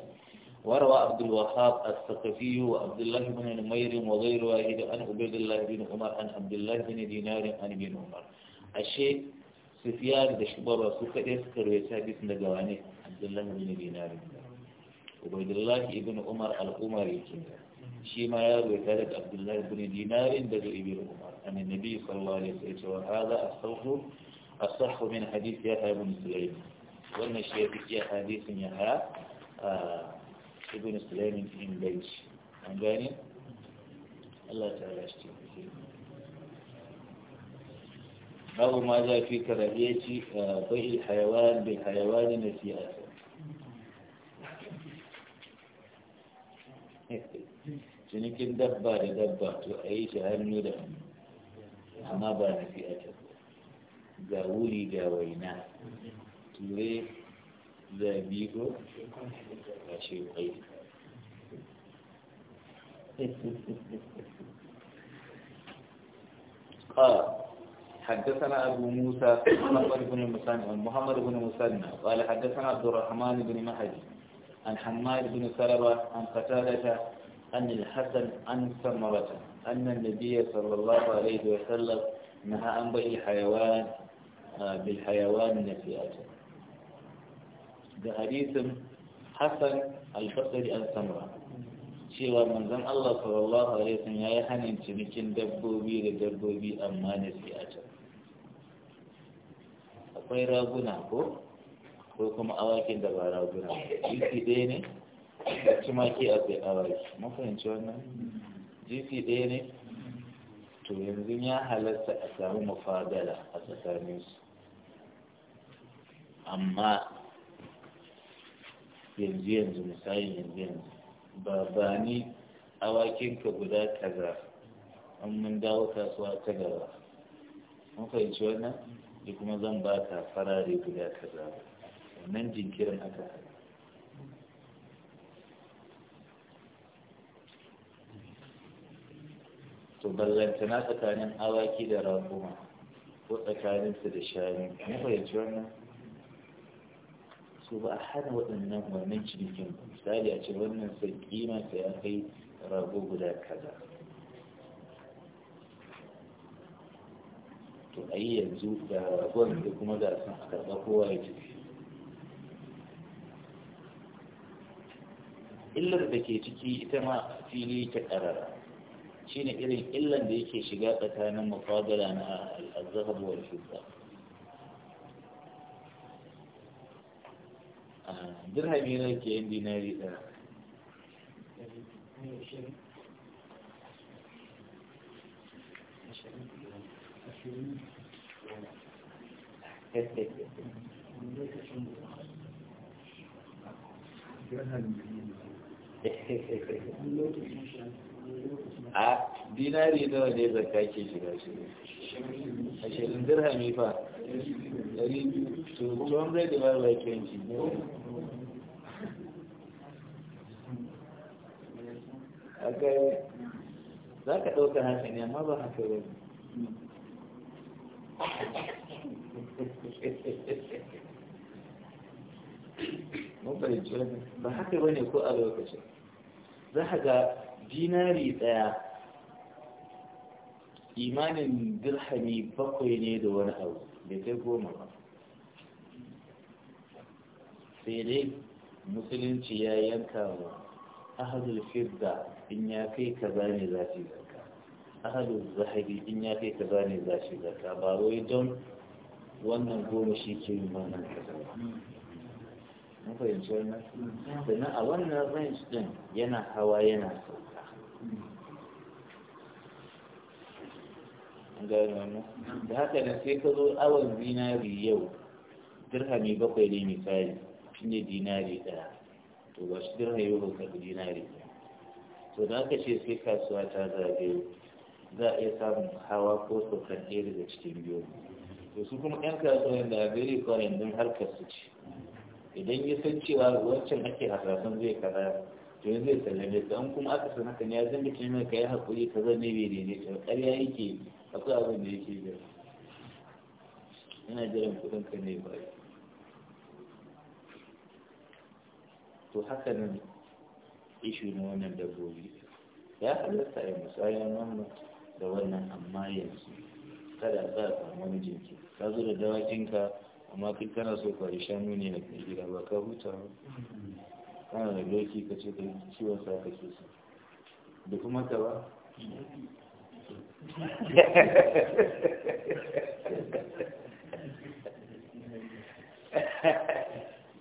warwa abdul wahab as-saqafi wa abdullah ibn al-mayr wa ghayru wahid an ubaydillah ibn umar an abdullah ibn dinar an ibn umar ashe sufyan da shubara su kade suka rawaita bisin daga wane abdullah ibn dinar ubaydillah ibn umar al-umari kenan شي ما يروي ذلك عبد الله بن دينار بدو ابن عمر أن النبي صلى الله عليه وسلم وهذا الصوت الصح من حديث يحيى بن سليم وان الشيخ يا حديث يحيى آه، ابن سليم في بيت عن غاني الله تعالى يشتي باب ما جاء في كراهية آه، بيع الحيوان بالحيوان نسيئته cinikin dabba da dabba to a yi shi hannu da hannu amma ba na fi ake ga wuri ga waina ture zabi ko a shekwai قال حدثنا أبو موسى محمد بن مسنع محمد بن مسنع قال حدثنا عبد الرحمن بن مهدي عن حماد بن سلبة عن قتادة أن الحسن أن ثمرة أن النبي صلى الله عليه وسلم نهى عن بيع الحيوان آه، بالحيوان نسيئة ده حديث حسن الفقر عن ثمرة شيوا من زم الله صلى الله عليه وسلم يا حنين تنكين دبوبي لدبوبي أما نسيئة أقول رابنا هو هو كما أواكين دبا رابنا يكي ديني a ci maki a sai awari mafahimci wannan jifi ɗaya ne to yanzu ya halatta a samu mafadala a tsakaninsu amma yanzu yanzu misali yanzu yanzu ba ba ni awakinka guda kaza an mun dawo kasuwa ta gaba mun fahimci wannan da kuma zan ba ka farare guda kaza wannan jinkirin aka to ballantana tsakanin awaki da raguma ko tsakaninsu da shanu na fahimci wannan su ba a hana waɗannan wannan cinikin misali a ce wannan sai kima ta ya kai rago guda kaza to a yi yanzu da ragon da kuma da sun a karɓa kowa ya ciki illar da ke ciki ita ma fili ta ƙarara shine irin illan da yake shiga tsakanin mufadala na al-zahab wal ah, dirhami ne ke yin dinari ɗaya Thank a dinari nawa ne zakka ke shiga shi ashirin dirhami fa dari to 200 divided by 20 aka za ka ɗauka haka ne amma ba haka ba ba haka ba ne ko a lokacin za ka ga dinari ɗaya imanin dirhami bakwai ne da wani abu da ta goma ba sai dai musulunci ya yanka wa ahadul fidda in ya kai kaza ne za shi zarka ahadul zahabi in ya kai ka ne za shi zarka ba wai don wannan goma shi ke yi yin wannan kaza mafayin fahimci wannan mm. sannan a wannan range din yana hawa yana sauka da haka da sai ka zo awon zinari yau dirhami bakwai ne misali shi ne dinari ɗaya to ba shi dirhami yau ka fi dinari to da haka ce sai kasuwa ta zage za a iya samun hawa ko saukar ɗaya daga cikin biyu to su kuma ɗan kasuwan da gari kwanan don harkar su ce idan ya san cewa wancan ake hasashen zai kara to yanzu ya sallame su an kuma aka san haka ne ya da ce ka kai hakuri ka zama bai ta ba ƙarya yake akwai abin da yake jira ina jiran kuɗin ka ne ba to haka nan ishu na wannan dabbobi ya halatta ya musaya wannan da wannan amma yanzu kada za a samu wani jinki ka zo da dawakinka amma kai kana so ka yi shanu ne na gida ba ka huta ba kana da doki ka ce ka yi ciwon sa ka ce su da kuma ka ba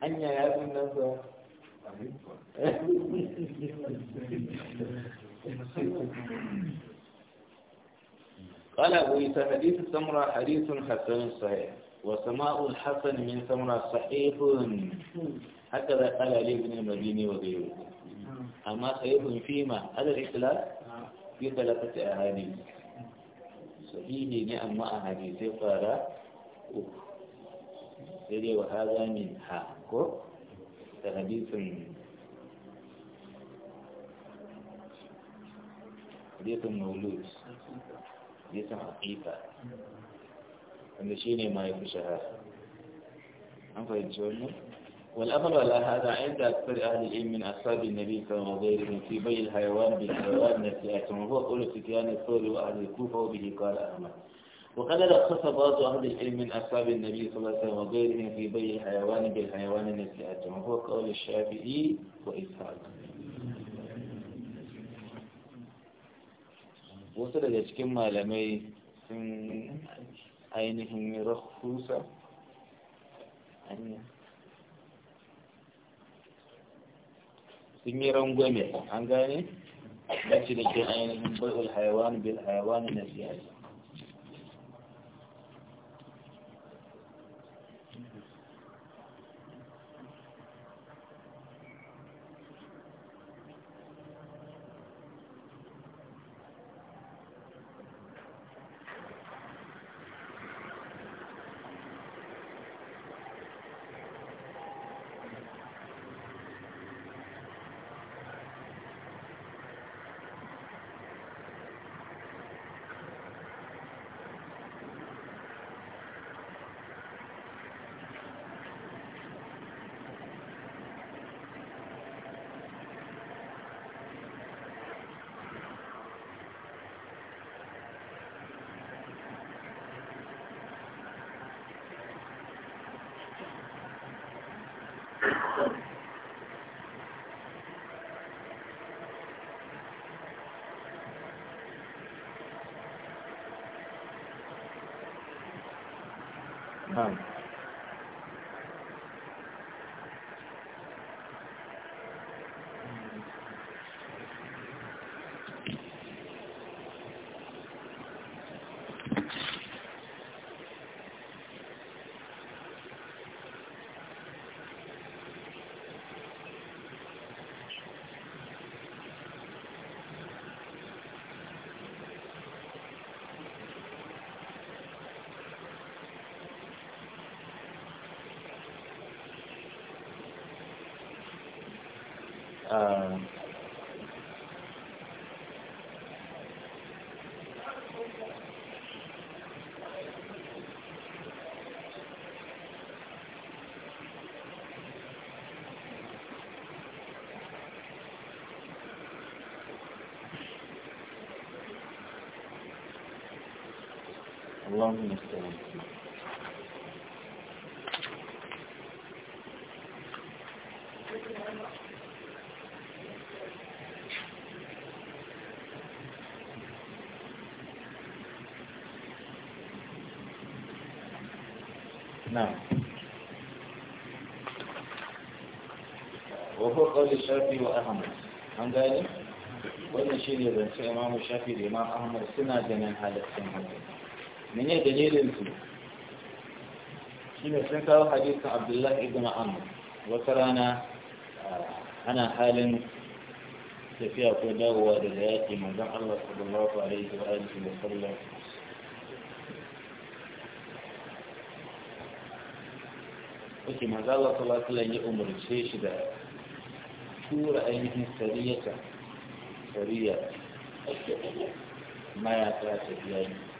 hanya ya fi nan ba قال أبو عيسى حديث سمرة حديث حسن صحيح وسماء الحسن من سمرة صحيح هكذا قال علي بن المديني وغيره أما خير فيما هذا الإخلاف في ثلاثة أحاديث صحيح نعم أحاديث قال سيدي وهذا من حقه حديث حديث مولود حديث حقيقة wanda shi ne ma ya fi shahara an fahimci wannan والأمر على هذا عند أكثر أهل العلم من أصحاب النبي صلى الله عليه وسلم في بيع الحيوان بالحيوان أتم وهو قول سفيان الثوري وأهل الكوفة وبه قال أحمد وقد رخص بعض أهل العلم من أصحاب النبي صلى الله عليه وسلم وغيرهم في بيع الحيوان بالحيوان أتم وهو قول الشافعي وإسحاق وصل إلى cikin malamai أينهم رخوصة أينهم sun yi rangwame an gane da ke ainihin bai'ul hayawan bil hayawan na siyasa اللهم المستعان نعم وهو قول الشافعي واحمد عن ذلك وانا شيء يبن سيمام الشافعي الامام احمد سنة جميع حالة سنة جميع. menene dalilin su shine sun kawo hadisin Abdullahi ibn Amr wata rana ana halin tafiya ko dawowa daga yaƙi manzon Allah sallallahu alaihi wa alihi wa sallam Oke, manzo Allah sallallahu alaihi ya umarce shi da tura ainihin sariyata sariya mayaka tafiya ne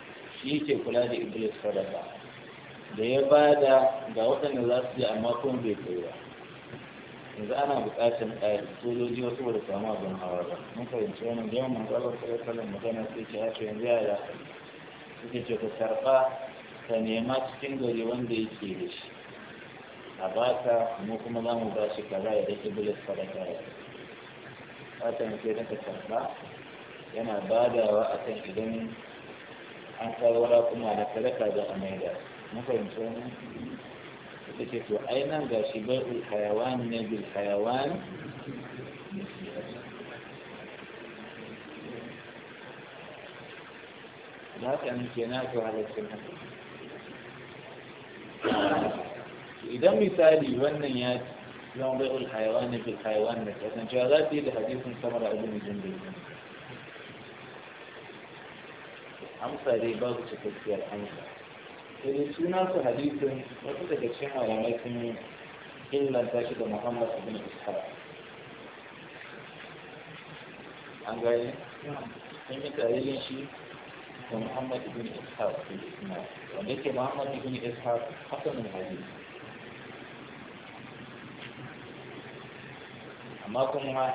shi ke kula da iblis sadaka da ya ba da ga waɗanda za su yi amma kuma bai kai ba yanzu ana buƙatar ɗari sojoji wasu da samu abin hawa ba mun fahimci wannan da yawan manzalar kalakalan magana sai ce haka yanzu yara suke ce ka karɓa ka nema cikin gari wanda yake da shi a baka mu kuma za mu ba shi kaza ya da iblis sadaka ya fatan sai ka karɓa yana badawa akan idan an kawo raƙuma da talaka da amaida na fahimci ne ita ce to ai nan ga shi bai'ul hayawan ne bil hayawan da ka ne ke na ku halittun idan misali wannan ya zama ul hayawan ne bil hayawan ne kasancewa za ta yi da hadisin samar abin jin amsa dai babu cikakkiyar amsa sai suna su hadisin wasu daga cikin malamai sun inganta shi da muhammad ibn ishaq an gane sun yi tarihin shi da muhammad ibn ishaq bin suna wanda yake muhammad ibn ishaq hasanin hadisi amma kuma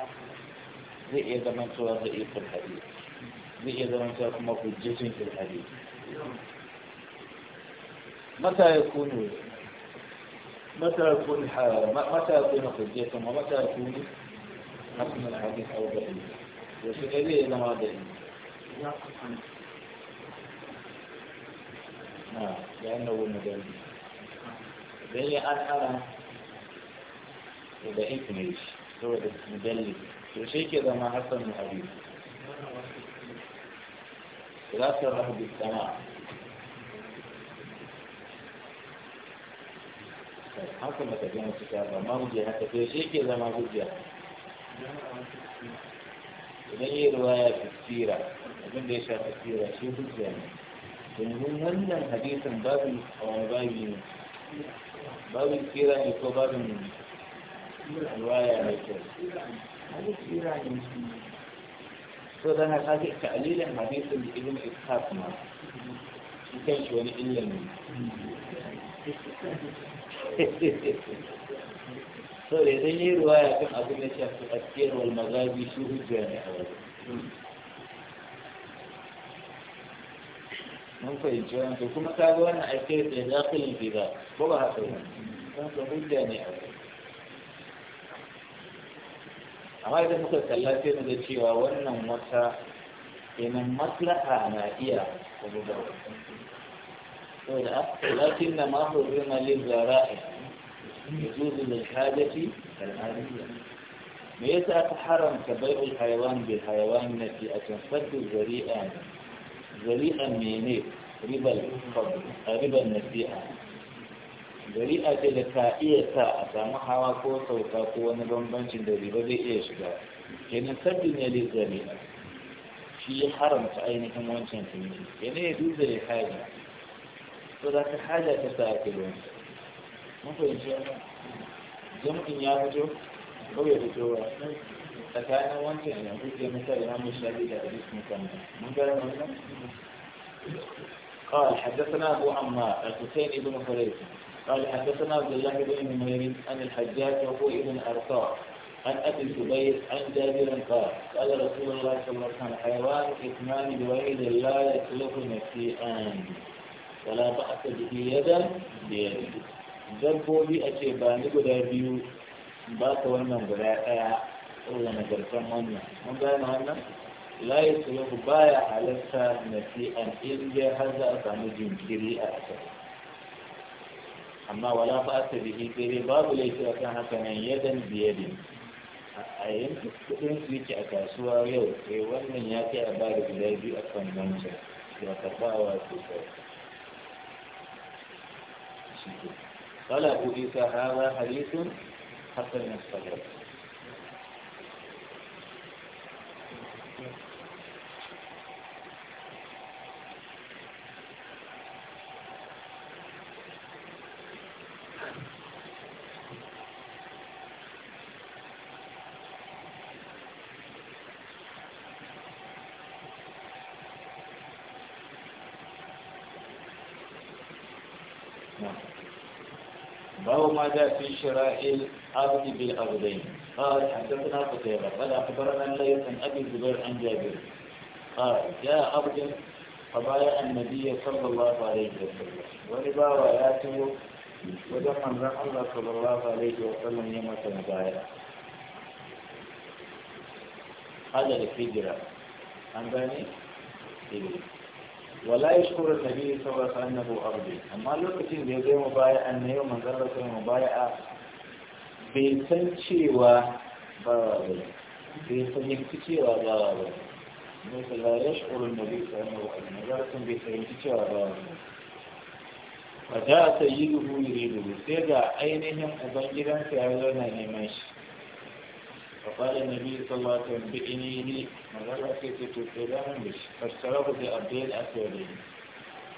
zai iya zama cewa zai iya hadisi zai iya zama ta في الحديث متى يكون متى يكون متى يكون حجة ومتى يكون حكم الحديث أو بعيد وسئلي إلى ما بعيد نعم لأنه هو مدلل بني أنا أنا إذا إكمل هو مدلل وشيك إذا ما حصل من حديث لا سره بالسماء haka mata gina su ta zama guje haka to shi ke zama guje idan yi ruwaya tafsira abin da ya sha tafsira shi hujja ne domin wannan hadisin babin a wani babi ne babin tsira ne ko babin ruwaya ne ke tsira ne so dan haka ke ta'lilin hadisin da ibn ishaq ma shi kan shi wani illan ne so da zan yi ya kan abin da shafi asiyar wal magazi shi hujjar ne a wajen mun fahimci wannan kuma kuma ga wannan ake da dakhilin fi ko ba haka ba kan hujjar ne a wajen amma idan muka kalla sai mu ga cewa wannan wata kenan maslaha na iya gudunar saboda lakin na ma hurrima lil zara'i yuzu lil hadati kal ariya me yasa aka haramta bai'ul hayawan bi hayawan fi a tanfadu zari'a zari'a mene ribal fadl riban nasi'a zari'a ce da ka iya sa a samu hawa ko sauka ko wani bambancin da riba zai iya shiga kenan sabbin ya li zari'a shi ya haramta ainihin wancan tunani kenan ya duba ya haja to za ka haja ta sa ake wani mun fahimci jam'in ya fito kawai da fito ba tsakanin wancan ya kuke masa imamu shafi da hadis musamman mun gara wannan قال حدثنا أبو عمار الحسين بن حريث قال حدثنا عبد الله بن نمير عن الحجاج وهو ابن أرثار عن أبي الزبير عن جابر قال قال رسول الله صلى الله عليه وسلم حيوان إثمان بويد لا يتلف نسيئان ولا بأس به يدا بيد dabbobi a ce ba ni guda biyu ba ka wannan guda ɗaya saboda nagartan wannan mun gane wannan layi su baya halatta nasi'an in dai har za a samu jinkiri a asali amma wala ba ta bihi sai babu laifi a kan haka nan yadan biyadin a yanzu kudin su yake a kasuwa yau sai eh, wannan ya kai a bada guda biyu a kan wancan ya karba wa sosai kala ku isa hada hadisun hasan na هذا في شراء الأرض بالأرضين قال حدثنا قتيبة قال أخبرنا الليث عن أبي الزبير عن جابر قال جاء أرض فبايع النبي صلى الله عليه وسلم ولباوياته ودخل ودفع الله صلى الله عليه وسلم يوم المبايعة هذا الهجرة عن بني إبراهيم wala ya shura nabi saboda annahu ardi amma lokacin da ya zai mubaya an na yau manzon Allah sai mubaya bai san cewa ba bai san cewa ba ba مثل لا يشعر النبي صلى الله عليه وسلم نظرة بفهمتك وراءه فجاء سيده ainihin سيدا أينهم أبنجرا في neman shi. فقال النبي صلى الله عليه وسلم بإنيه مغرى كيف تتبعهم بش فاشتراه بأبدين أسودين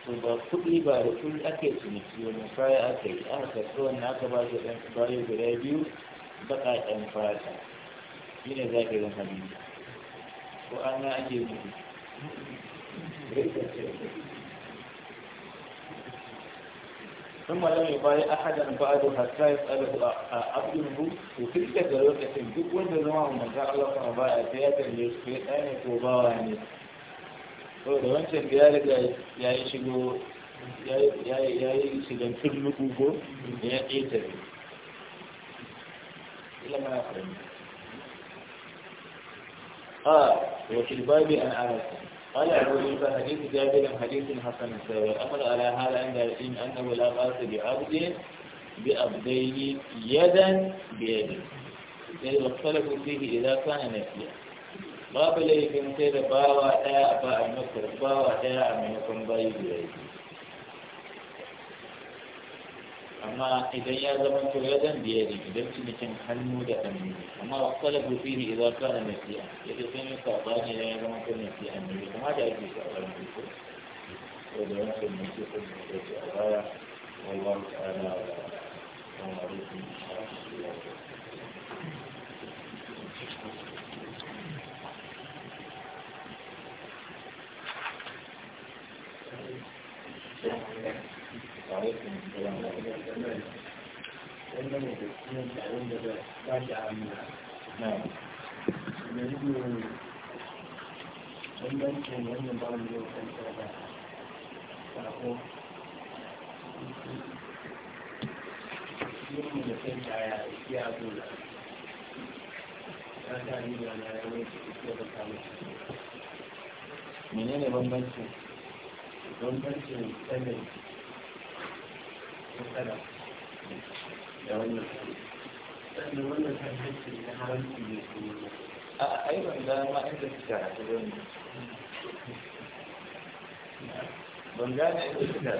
ثم كل باركل أكيد نفسي ومسايا أكيد أنا كسرون هناك باجة أنفباري برابيو بقى أنفاسا من ذاك الحبيب وأنا أجيب ثم لم يبايع أحدا بعد حتى يسأله عبده وتلك الوقت duk wanda zama mu manzan Allah kuma ba ya kalle su kai ɗaya ne ko bawa ne to da wancan ya riga ya yi shigo ya yi shigan turnuku ko da ya ƙetare ilama ya fahimta a wakil قال أبو عيسى حديث جابر حديث حسن والأمر على هذا عند العلم أنه لا بأس بعبد بأبديه يدا بيد إذا اختلف فيه إذا كان نفيا باب ليكن سيد باوا تاء باء المكر باوى تاء من يكون amma idan ya zama to ya zan biya ne idan cinikin hannu da hannu amma kwala gufi ne idan ka na nasiya ya ce sun yi saba ne idan ya zama to nasiya ne bai da ake saba ne ko ko da wani sun mutu sun da ke a baya wallahu ta'ala wa alaikum assalam dangane da cikin abin da ba shi a hannu da rigo bambancin wannan ba mu yau kan tsada sako yin da kan kaya ya zo da ta ta yi da na yawon cikin da kamun menene bambancin bambancin tsanin tsada da wannan sannan wannan hajji na haramci ne su a aiban ban gane inda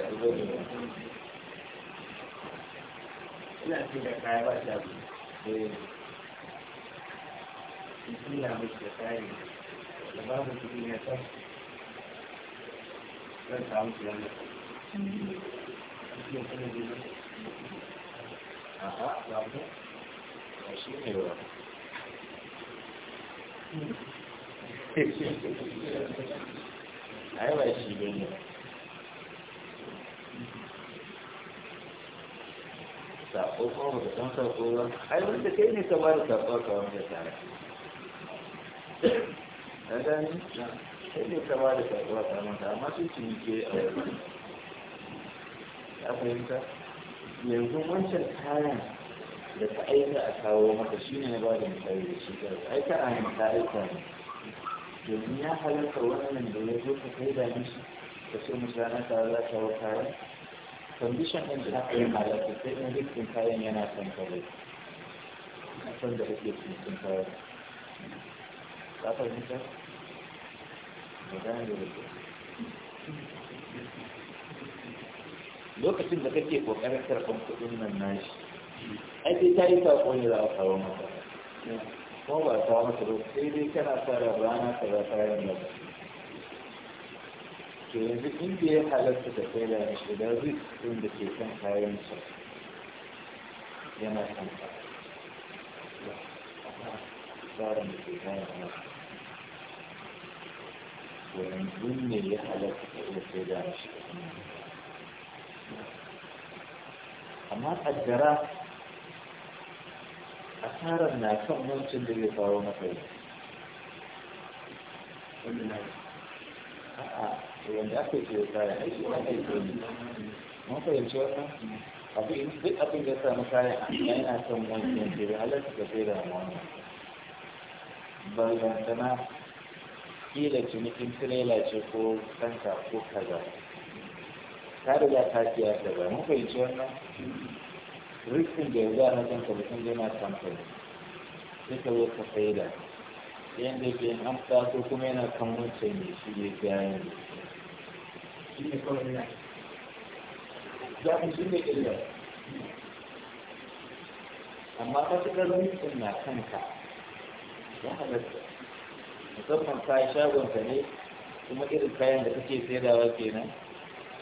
ina ce kaya ba shafi da yi ina mace da kayan babu kuɗi na zan samu su ai ba shi ba ne sako ko ba san sako wanda kai ne ka ba da ka wanda tare na gani kai ne ka ba da sako ka wanda amma a wani ya fahimta yanzu wancan kayan da ka aika a kawo maka shi ne na ba da misali da shi kawai ai kana yin ka aika ne domin ya halarta wannan da ya zo ka kai da mishi ka ce mishi rana ta za ta wa kayan kondishan ɗin da aka yi halarta sai in rikin kayan yana son kawai a can da kake cikin kayan ka fahimta? Magana da rikin. lokacin da kake kokarin karɓar kuɗin nan nashi ai sai ta yi saƙon ya za a kawo maka kuma ba a kawo maka lokaci sai dai kana fara rana ka za ta yi maka ke yanzu inda ya halatta da kai da shi da zai ɗin da ke kan kayan sa yana kan ka tsarin da ke kayan masa to yanzu ne ya halatta da kai da shi da amma a asarar na kan wancan da zai faru maka yi a'a wanda aka yi tsaye kayan aiki ba aka yi tsaye mun fahimci wata abu in duk abin da samu kayan a yana kan wancan da bai halarta da bai da wani balantana kila cinikin tirela ce ko tanka ko kaza ta riga ta kiya da ba mu fahimci wannan rikin da ya za na kanka mutum yana kamfani sai ka zo ka faida yadda ke yin amsa ko kuma yana kan wancan ne shi ya gaya ne shi ne kawai na za mu shi ne illa amma ka fi ƙarfin na kanka ya halatta musamman kayan shagon ne kuma irin kayan da kake saidawa kenan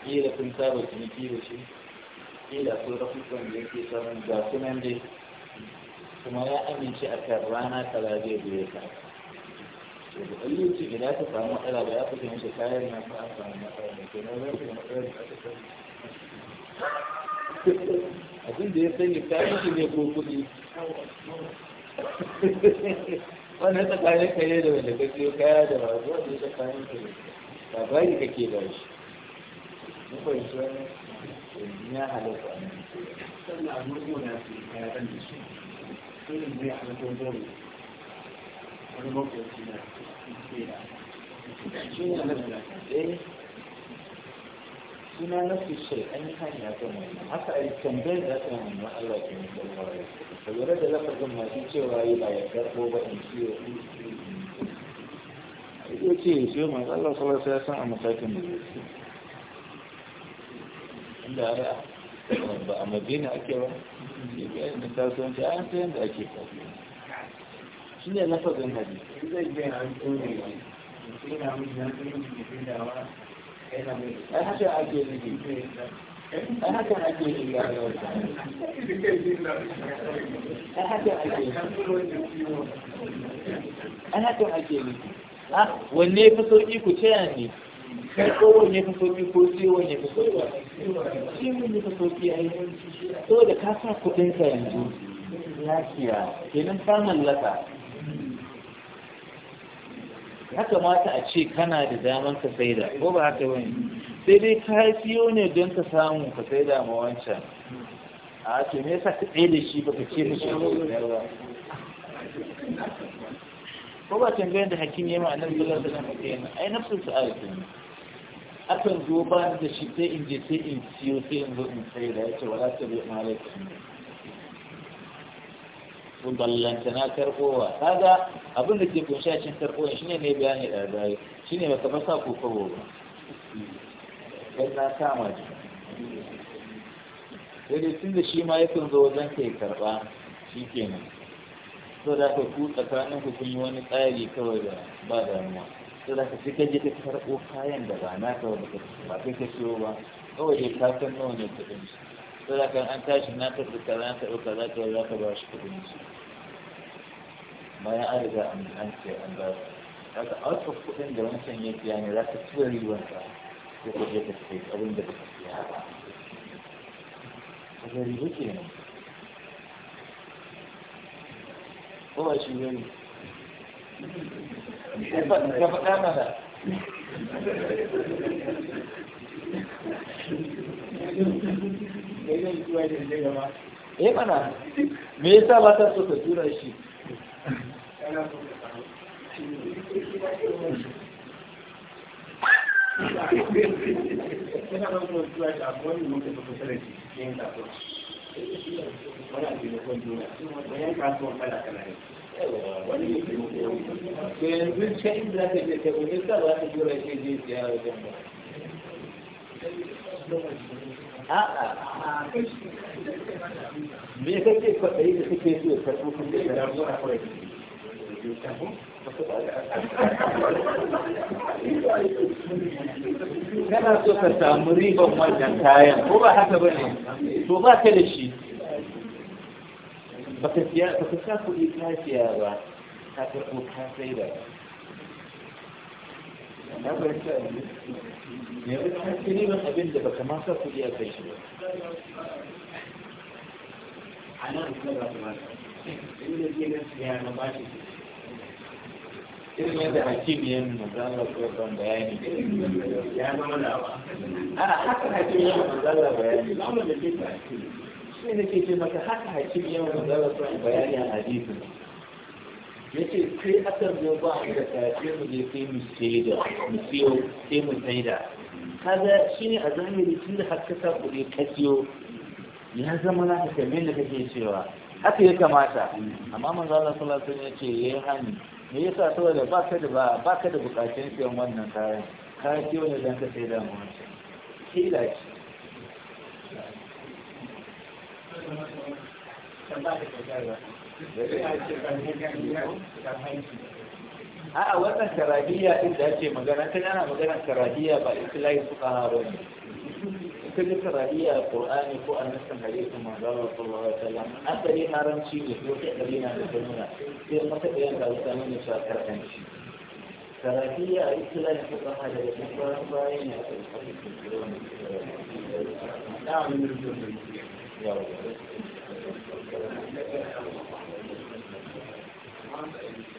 kila sun saba ciniki da shi kila ko rafukan da yake samun ga sunan dai kuma ya amince a kan rana kaza zai biye ka to da ɗan ce idan ta samu matsala ba ya fi kan shi kayan na fa an Na matsala ne na zai fi matsala da aka sani abin da ya sanya kayan shi ne ko kuɗi wannan tsakanin kare da wanda ka siyo kaya da ba zuwa da tsakanin kare labari kake ba shi mukwai su wani ya halatta a nan sannan a gurgu na su kaya ɗan da su irin zai halatta goro wani makwai na su ne halatta ɗaya suna nafi shai an yi hanya ga mai haka a tambayar da aka mai Allah ke mai dalwar ya saboda da lafazin masu cewa yi ba ya karɓo ba in ciwo ya ce ya ce mai Allah sallallahu alaihi wasallam a matakin da zai inda ya ba a madina ake ba shekarar da a yanta yadda ake kasuwanci shi ne shi zai biya an tsoni ake nufi ai haka ake nufi ah, wanne fi sauki ku ce ne kai ko wanne ka soki ko sai wanne ka soki shi wanne ka soki ai saboda ka sa kuɗin ka yanzu lafiya kenan ka mallaka ya kamata a ce kana da daman ka saida ko ba haka bane sai dai ka siyo ne don ka samu ka saida ma wancan a to me yasa ka tsaye da shi baka ce mishi ba ko ba gani da hakim ya ma annabi sallallahu alaihi wasallam kai nan ai nafsu sa'ala ne akan zo ba da shi sai in je sai in siyo sai in zo in sai da ya yace wala ta bi malaikum kun ballanta na karbowa kaga abin da ke kunshi a cikin karbowa shine ne bayani da bai shine baka fasa ko kawo ba kai na kama ji sai dai tun da shi ma yakan zo wajen kai karba kenan. so da ka ku tsakanin ku kun yi wani tsari kawai da ba damuwa so da ka fi ka je ka karɓo kayan da ba na kawai ka ba kai ka siyo ba kawai dai ka san nawa ne kuɗin su so da ka an tashi na ta fita na ta ɗauka za ka za ka ba shi kuɗin su bayan an riga an ce an ba su haka out of kuɗin da wancan ya biya ne za ka tura riban ka ko ka je ka sai abin da ka siya ba. Ka riba kenan. ko ba shi ne ka faɗa mana eh mana me yasa ba ta so ta tura shi Yana ɗaukar zuwa da da ta fi kusa shi cikin to me kake kwaɗayi da kake so ka kuma da ramuwa kawai kana so ka samu riban wannan kayan ko ba haka ba ne to ba ka da shi ba ka sa kuɗi ka siya ba ka karɓo ka sai da na fahimta yanzu ka ci riban abin da baka ma sa kuɗi a kai shi ba a nan kuma ba su ba inda zai na siya na ba shi irin yadda hakim ya nuna zalla ko ban bayani ya zama lawa a haka hakim ya nuna zalla bayani lamun da ke hakim sai da ce maka haka hakim ya nuna zalla ko bayani a hadisi ya ce kai asar zo ba a da tafiye mu je sai mu saida mu siyo sai mu saida kaga shi ne a zamiri tun da haka sa kuɗi ka siyo ya zama na ka kamar da kake cewa haka ya kamata amma manzo Allah sallallahu alaihi wasallam ya ce yayi hani me yasa saboda ba ka da ba baka da bukatun siyan wannan kayan kayan kiwo ne zan ka sai da mu wancan hila ce a'a wannan karabiya din da ake magana ta yana magana karabiya ba islahi fuqaha ba ne ka ji karari a Qur'ani ko a nassan hadisin manzo Allah sallallahu alaihi wasallam asali haramci ne ko ta dalila da sunna sai maka bayan da Allah ne ya karanta shi karati a islam ko ka hada da sauran bayan ya Thank you.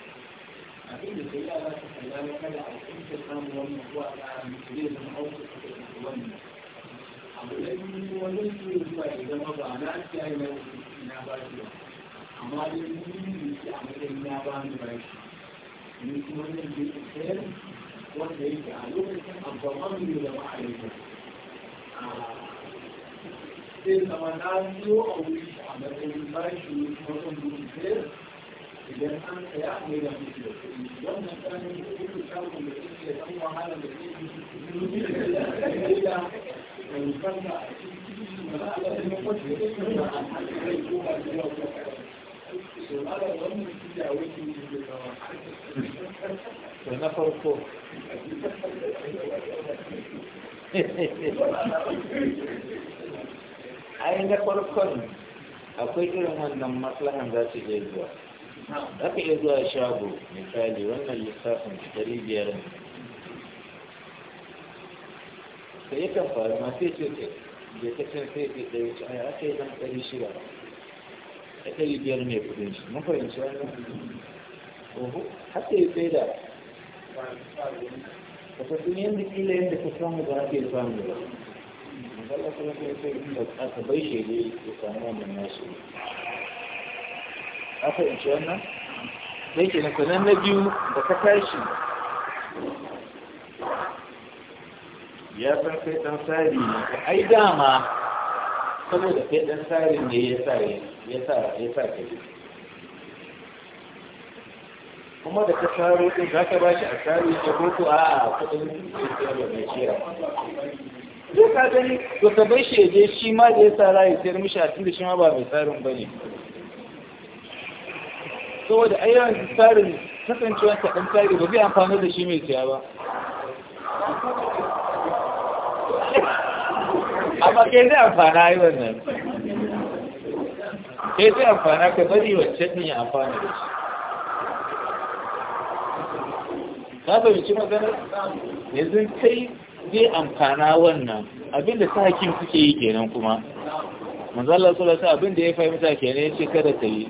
أكيد في لا تتحلى لك لأكيد الأمر والمقوى المسؤولية المعوصة والمسؤولية أبو ونسل الفائد إذا مضى أنا أتي أي لو ناباتي أما للمؤمن يسي عمل النابان باشي من كمان الإنسان وكيف علوك الضمان لما عليك sai zama na biyo a wuri a matsayin bashi wajen gudun idan an tsaya a mai wannan a ba da da na akwai wannan su haka iya zuwa shago misali wannan lissafin ɗari biyar ne sai yi faru ma sai ce ce da ta can sai ce ɗari ce ai aka yi zama ɗari shida a ɗari biyar ne kudin shi mun fahimci wannan ohu haka yi sai da ka ta duniyan da kila yadda ka samu ba haka yi samu ba. Mazalla kuma sai da aka bai shi ne ya samu wannan nashi. aka yi shi wannan da yake na sanar na biyu da ka tashi ya san kai dan tsari ne ai dama saboda kai dan tsari ne ya sa ya sa kai kuma da ka tsaro din za ka bashi shi a tsari ko ko a a kudin da ke da mai shira zai ka gani to ka bai shi ya je shi ma da ya sa rayu sayar mishi a tun da shi ma ba mai tsarin ba ne saboda ai yawan tsarin kasancewar ta ɗan tsari ba zai amfani da shi mai siya ba amma ke zai amfana yi wannan Ke zai amfana ka bari wacce ɗin ya amfana da shi na fahimci magana yanzu kai zai amfana wannan abinda ta hakim suke yi kenan kuma manzala sa, abinda ya fahimta kenan ya ce kada ta yi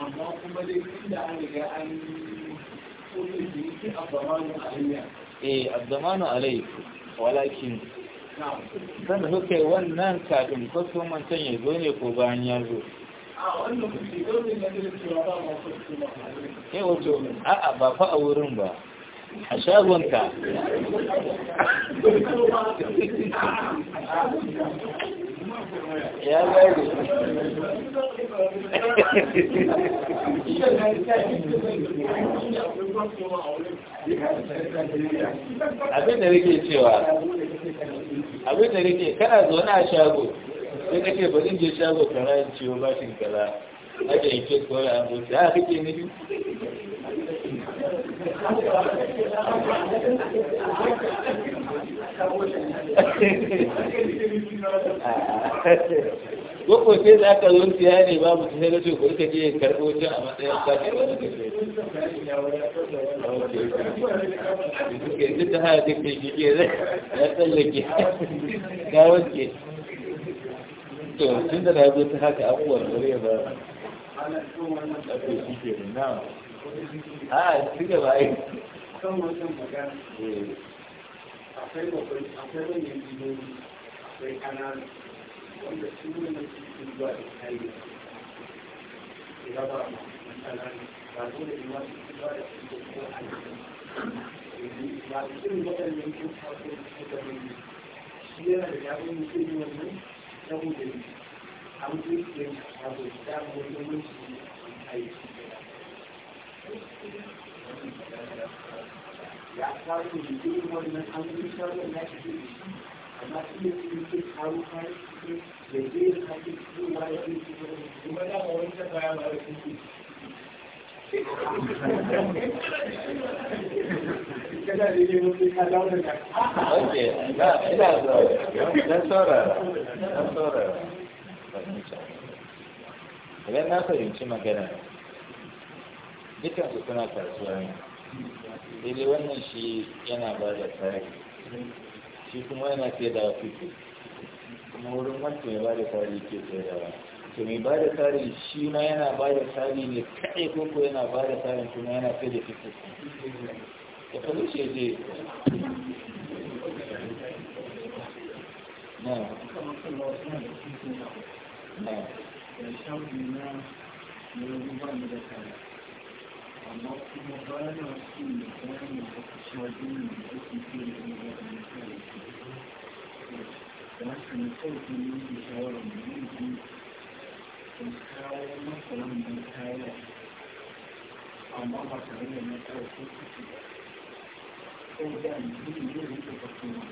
amma kuma dai inda an riga an kulle shi shi abdamanu alayya eh abdamanu alayya walakin zan da suka yi wannan kafin kwasan mantan ya zo ne ko bayan ya zo eh, wato a'a ba fa a wurin ba a shagonka ya gane abin da rike cewa abin da kana zaune a shago sai kake bari je shago kana yin ciwo bashin kaza ake yi ke kora a mutu ya ke nufi ko ko sai za ka zo siya ne babu ta sai ce ko ka je karɓo shi a matsayin ka ke wani ke duk da haya duk da shi ke zai ya tsallake ya wanke to tun da na zo ta haka abubuwan da ba a nan tsohon wannan ɗafe shi ke nuna a ci gaba yi kan mutum magana akwai bakwai akwai manyan ilimi akwai kanana wanda su ne na cikin zuwa da kayi ya ba ma kanana ba zo da ima su ci zuwa da cikin ko an yi ba su irin waɗannan yin kafin su da mai shi yana da yawon mutum yi wannan saboda an zuwa da ya Oke, Idan na fahimci magana, dukansu suna kasuwa ne. daidai wannan shi yana ba da tsari shi kuma yana sai da fito kuma wurin wancan ya ba da tsari ke sai da to mai ba da tsari shi ma yana ba da tsari ne kaɗai koko yana ba da tsarin kuma yana sai da fito ya faru shi je na na amma ba tare da na kawo da mutum ne da yake fatima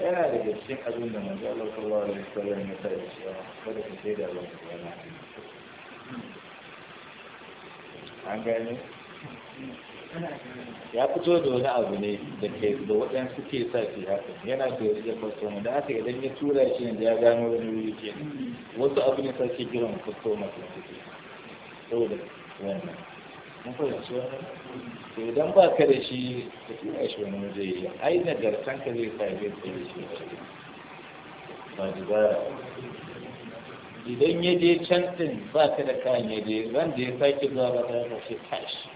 yana daga abin da manzo Allah sallallahu alaihi wasallam ya sa kada da Allah subhanahu wa an ya fito da wani abu ne da ke da waɗansu ke sa ke haka yana da wasu kwastoma da aka idan ya tura shi ne da ya gano wani wuri ke wasu abu ne sake kiran kwastoma ke suke saboda wannan mun fahimci wannan to idan ba ka da shi ka tura shi wani waje ya ai nagartan ka zai sa ya da shi ba da ba idan ya je can din ba ta da kayan ya je ran da ya sake zuwa ba ta ba shi tashi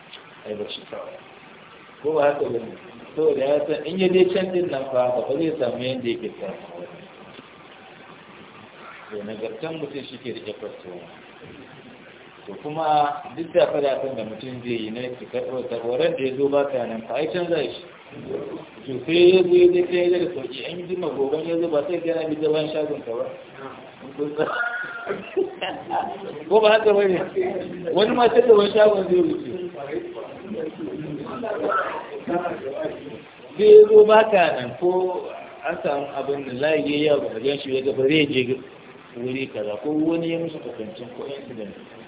ai ba shi kawai ko ba haka bane to da ya san in ya je can din nan fa ba zai samu yanda yake samu to nagartan mutum shi ke rike kwastowa to kuma duk da fadatan da mutum zai yi na karɓar taboran da ya zo ba ta nan fa ai canza shi to sai ya zo ya ta yi da sauki an yi zuma gogon ya zo ba sai gana bi zaban shagon ka ba ko ba haka bane wani matar da wani shagon zai wuce zai zo ba ka nan ko an samu abin da layi ya ba ya shi ya gaba zai je wuri kaza ko wani ya musu kwatancin ko yan su da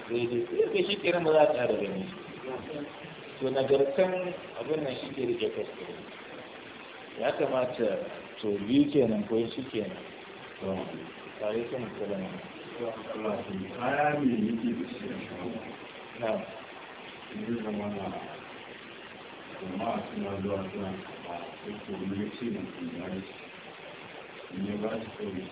zai je sai kai shi kiran ba za ta da gani to nagartan abin nan shi ke rike kaskare ya kamata to biyu kenan ko shi kenan to tare kuma kalama kaya mai yake da shi a shawo na yanzu zama na kuma a suna a ɗauko wani ce na kuma ya ce ne ba su kawai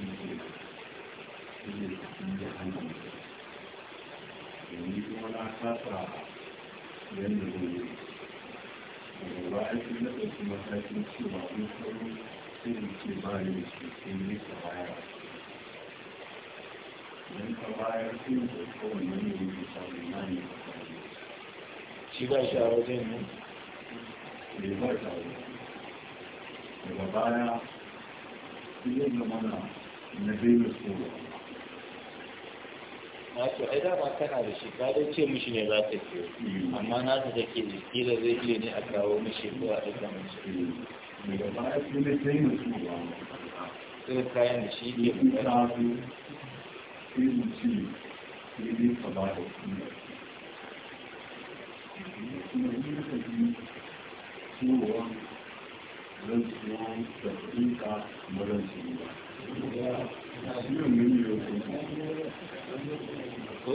yi ke baya shi ba shi a wajen ne limar tare daga baya yin da mana na daina tsoro na ce ai dama kana da shi ka dai ce mishi ne za ka ce amma na ta take da zai iya ne a kawo mishi ko a ɗaga mishi daga baya su ne daina tsoro kayan da shi ke sai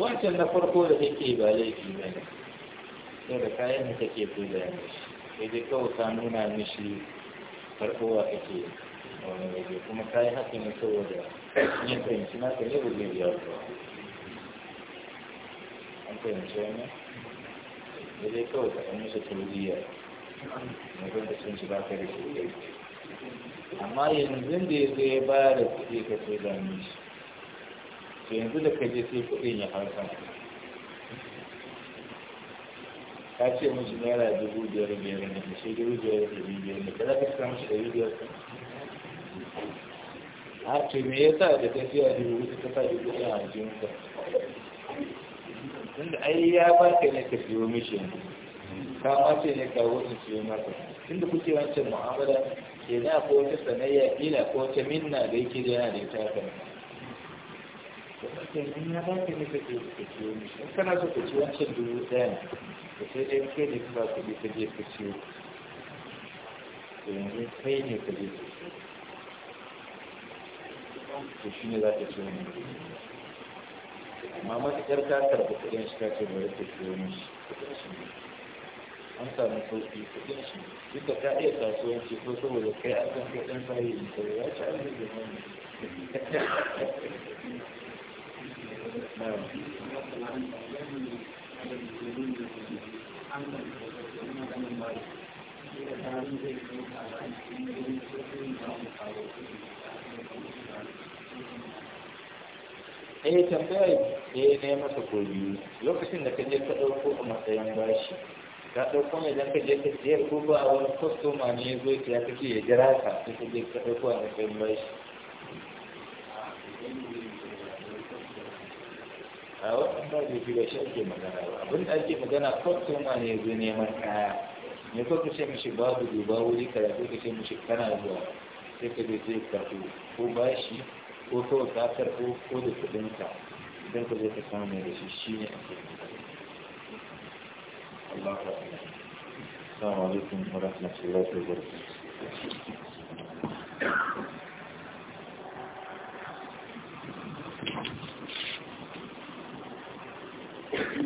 wancan na farko da kake ba laifi ba ne sai da kayan da kake kula da shi sai dai ka nuna mishi farko wa kake wani waje kuma kayan haka ne saboda ya fahimci naka ne ba zai biya ba an fahimci wani da dai kawai ka ɗan musu tarbiyya na gwamnati sun ci ba da shi amma yanzu da ya zai ba da kuɗi ka sai da mishi to yanzu da ka je sai kuɗin ya hau ka ce mishi naira dubu biyar biyar ne shi dubu biyar da biyar ne ka ka samu shi ɗari biyar a to me yasa da tafiya da wuri ta sa dubu ɗaya a jinsa tunda ai ya ba ka ne ka siyo mishi ka ma ce ne ka wasu siyo mata tunda kuke wancan mu'amala ke na ko wata sanayya ina ko wata minna da yake da yana da ita haka in ya ba ka ne ka siyo ka siyo mishi in kana so ka ci wancan dubu ɗaya ka sai dai ka ne ka ba kuɗi ka je ka siyo yanzu kai ne ka je ka siyo to shi ne za ta so ne amma matuƙar ta karɓi kuɗin shi ta ce bari ta ciwo mishi kuɗin shi ne an samu sauƙi shi duka ta iya ko saboda kai a kan kai ɗan in sau ya ci an rage Thank you. eh tambaya da ya ne masa ko biyu lokacin da ka je ka ɗauko a matsayin bashi ka ɗauko ne don ka je ka siyar ko ba a wani kwastoma ne ya zo ya kake ya jira ka sai ka je ka ɗauko a matsayin bashi a wannan ba da shi ake magana ba abin da ake magana kwastoma ne ya zo neman kaya ne ko ka ce mishi babu duba wuri karatu ka ce mishi kana zuwa sai ka je sai ka ko bashi ko zakar ko ko da kudinka idan ka zai ka samu da shi shi ne ake Allah ka Assalamu alaikum wa rahmatullahi wa barakatuh. Thank you.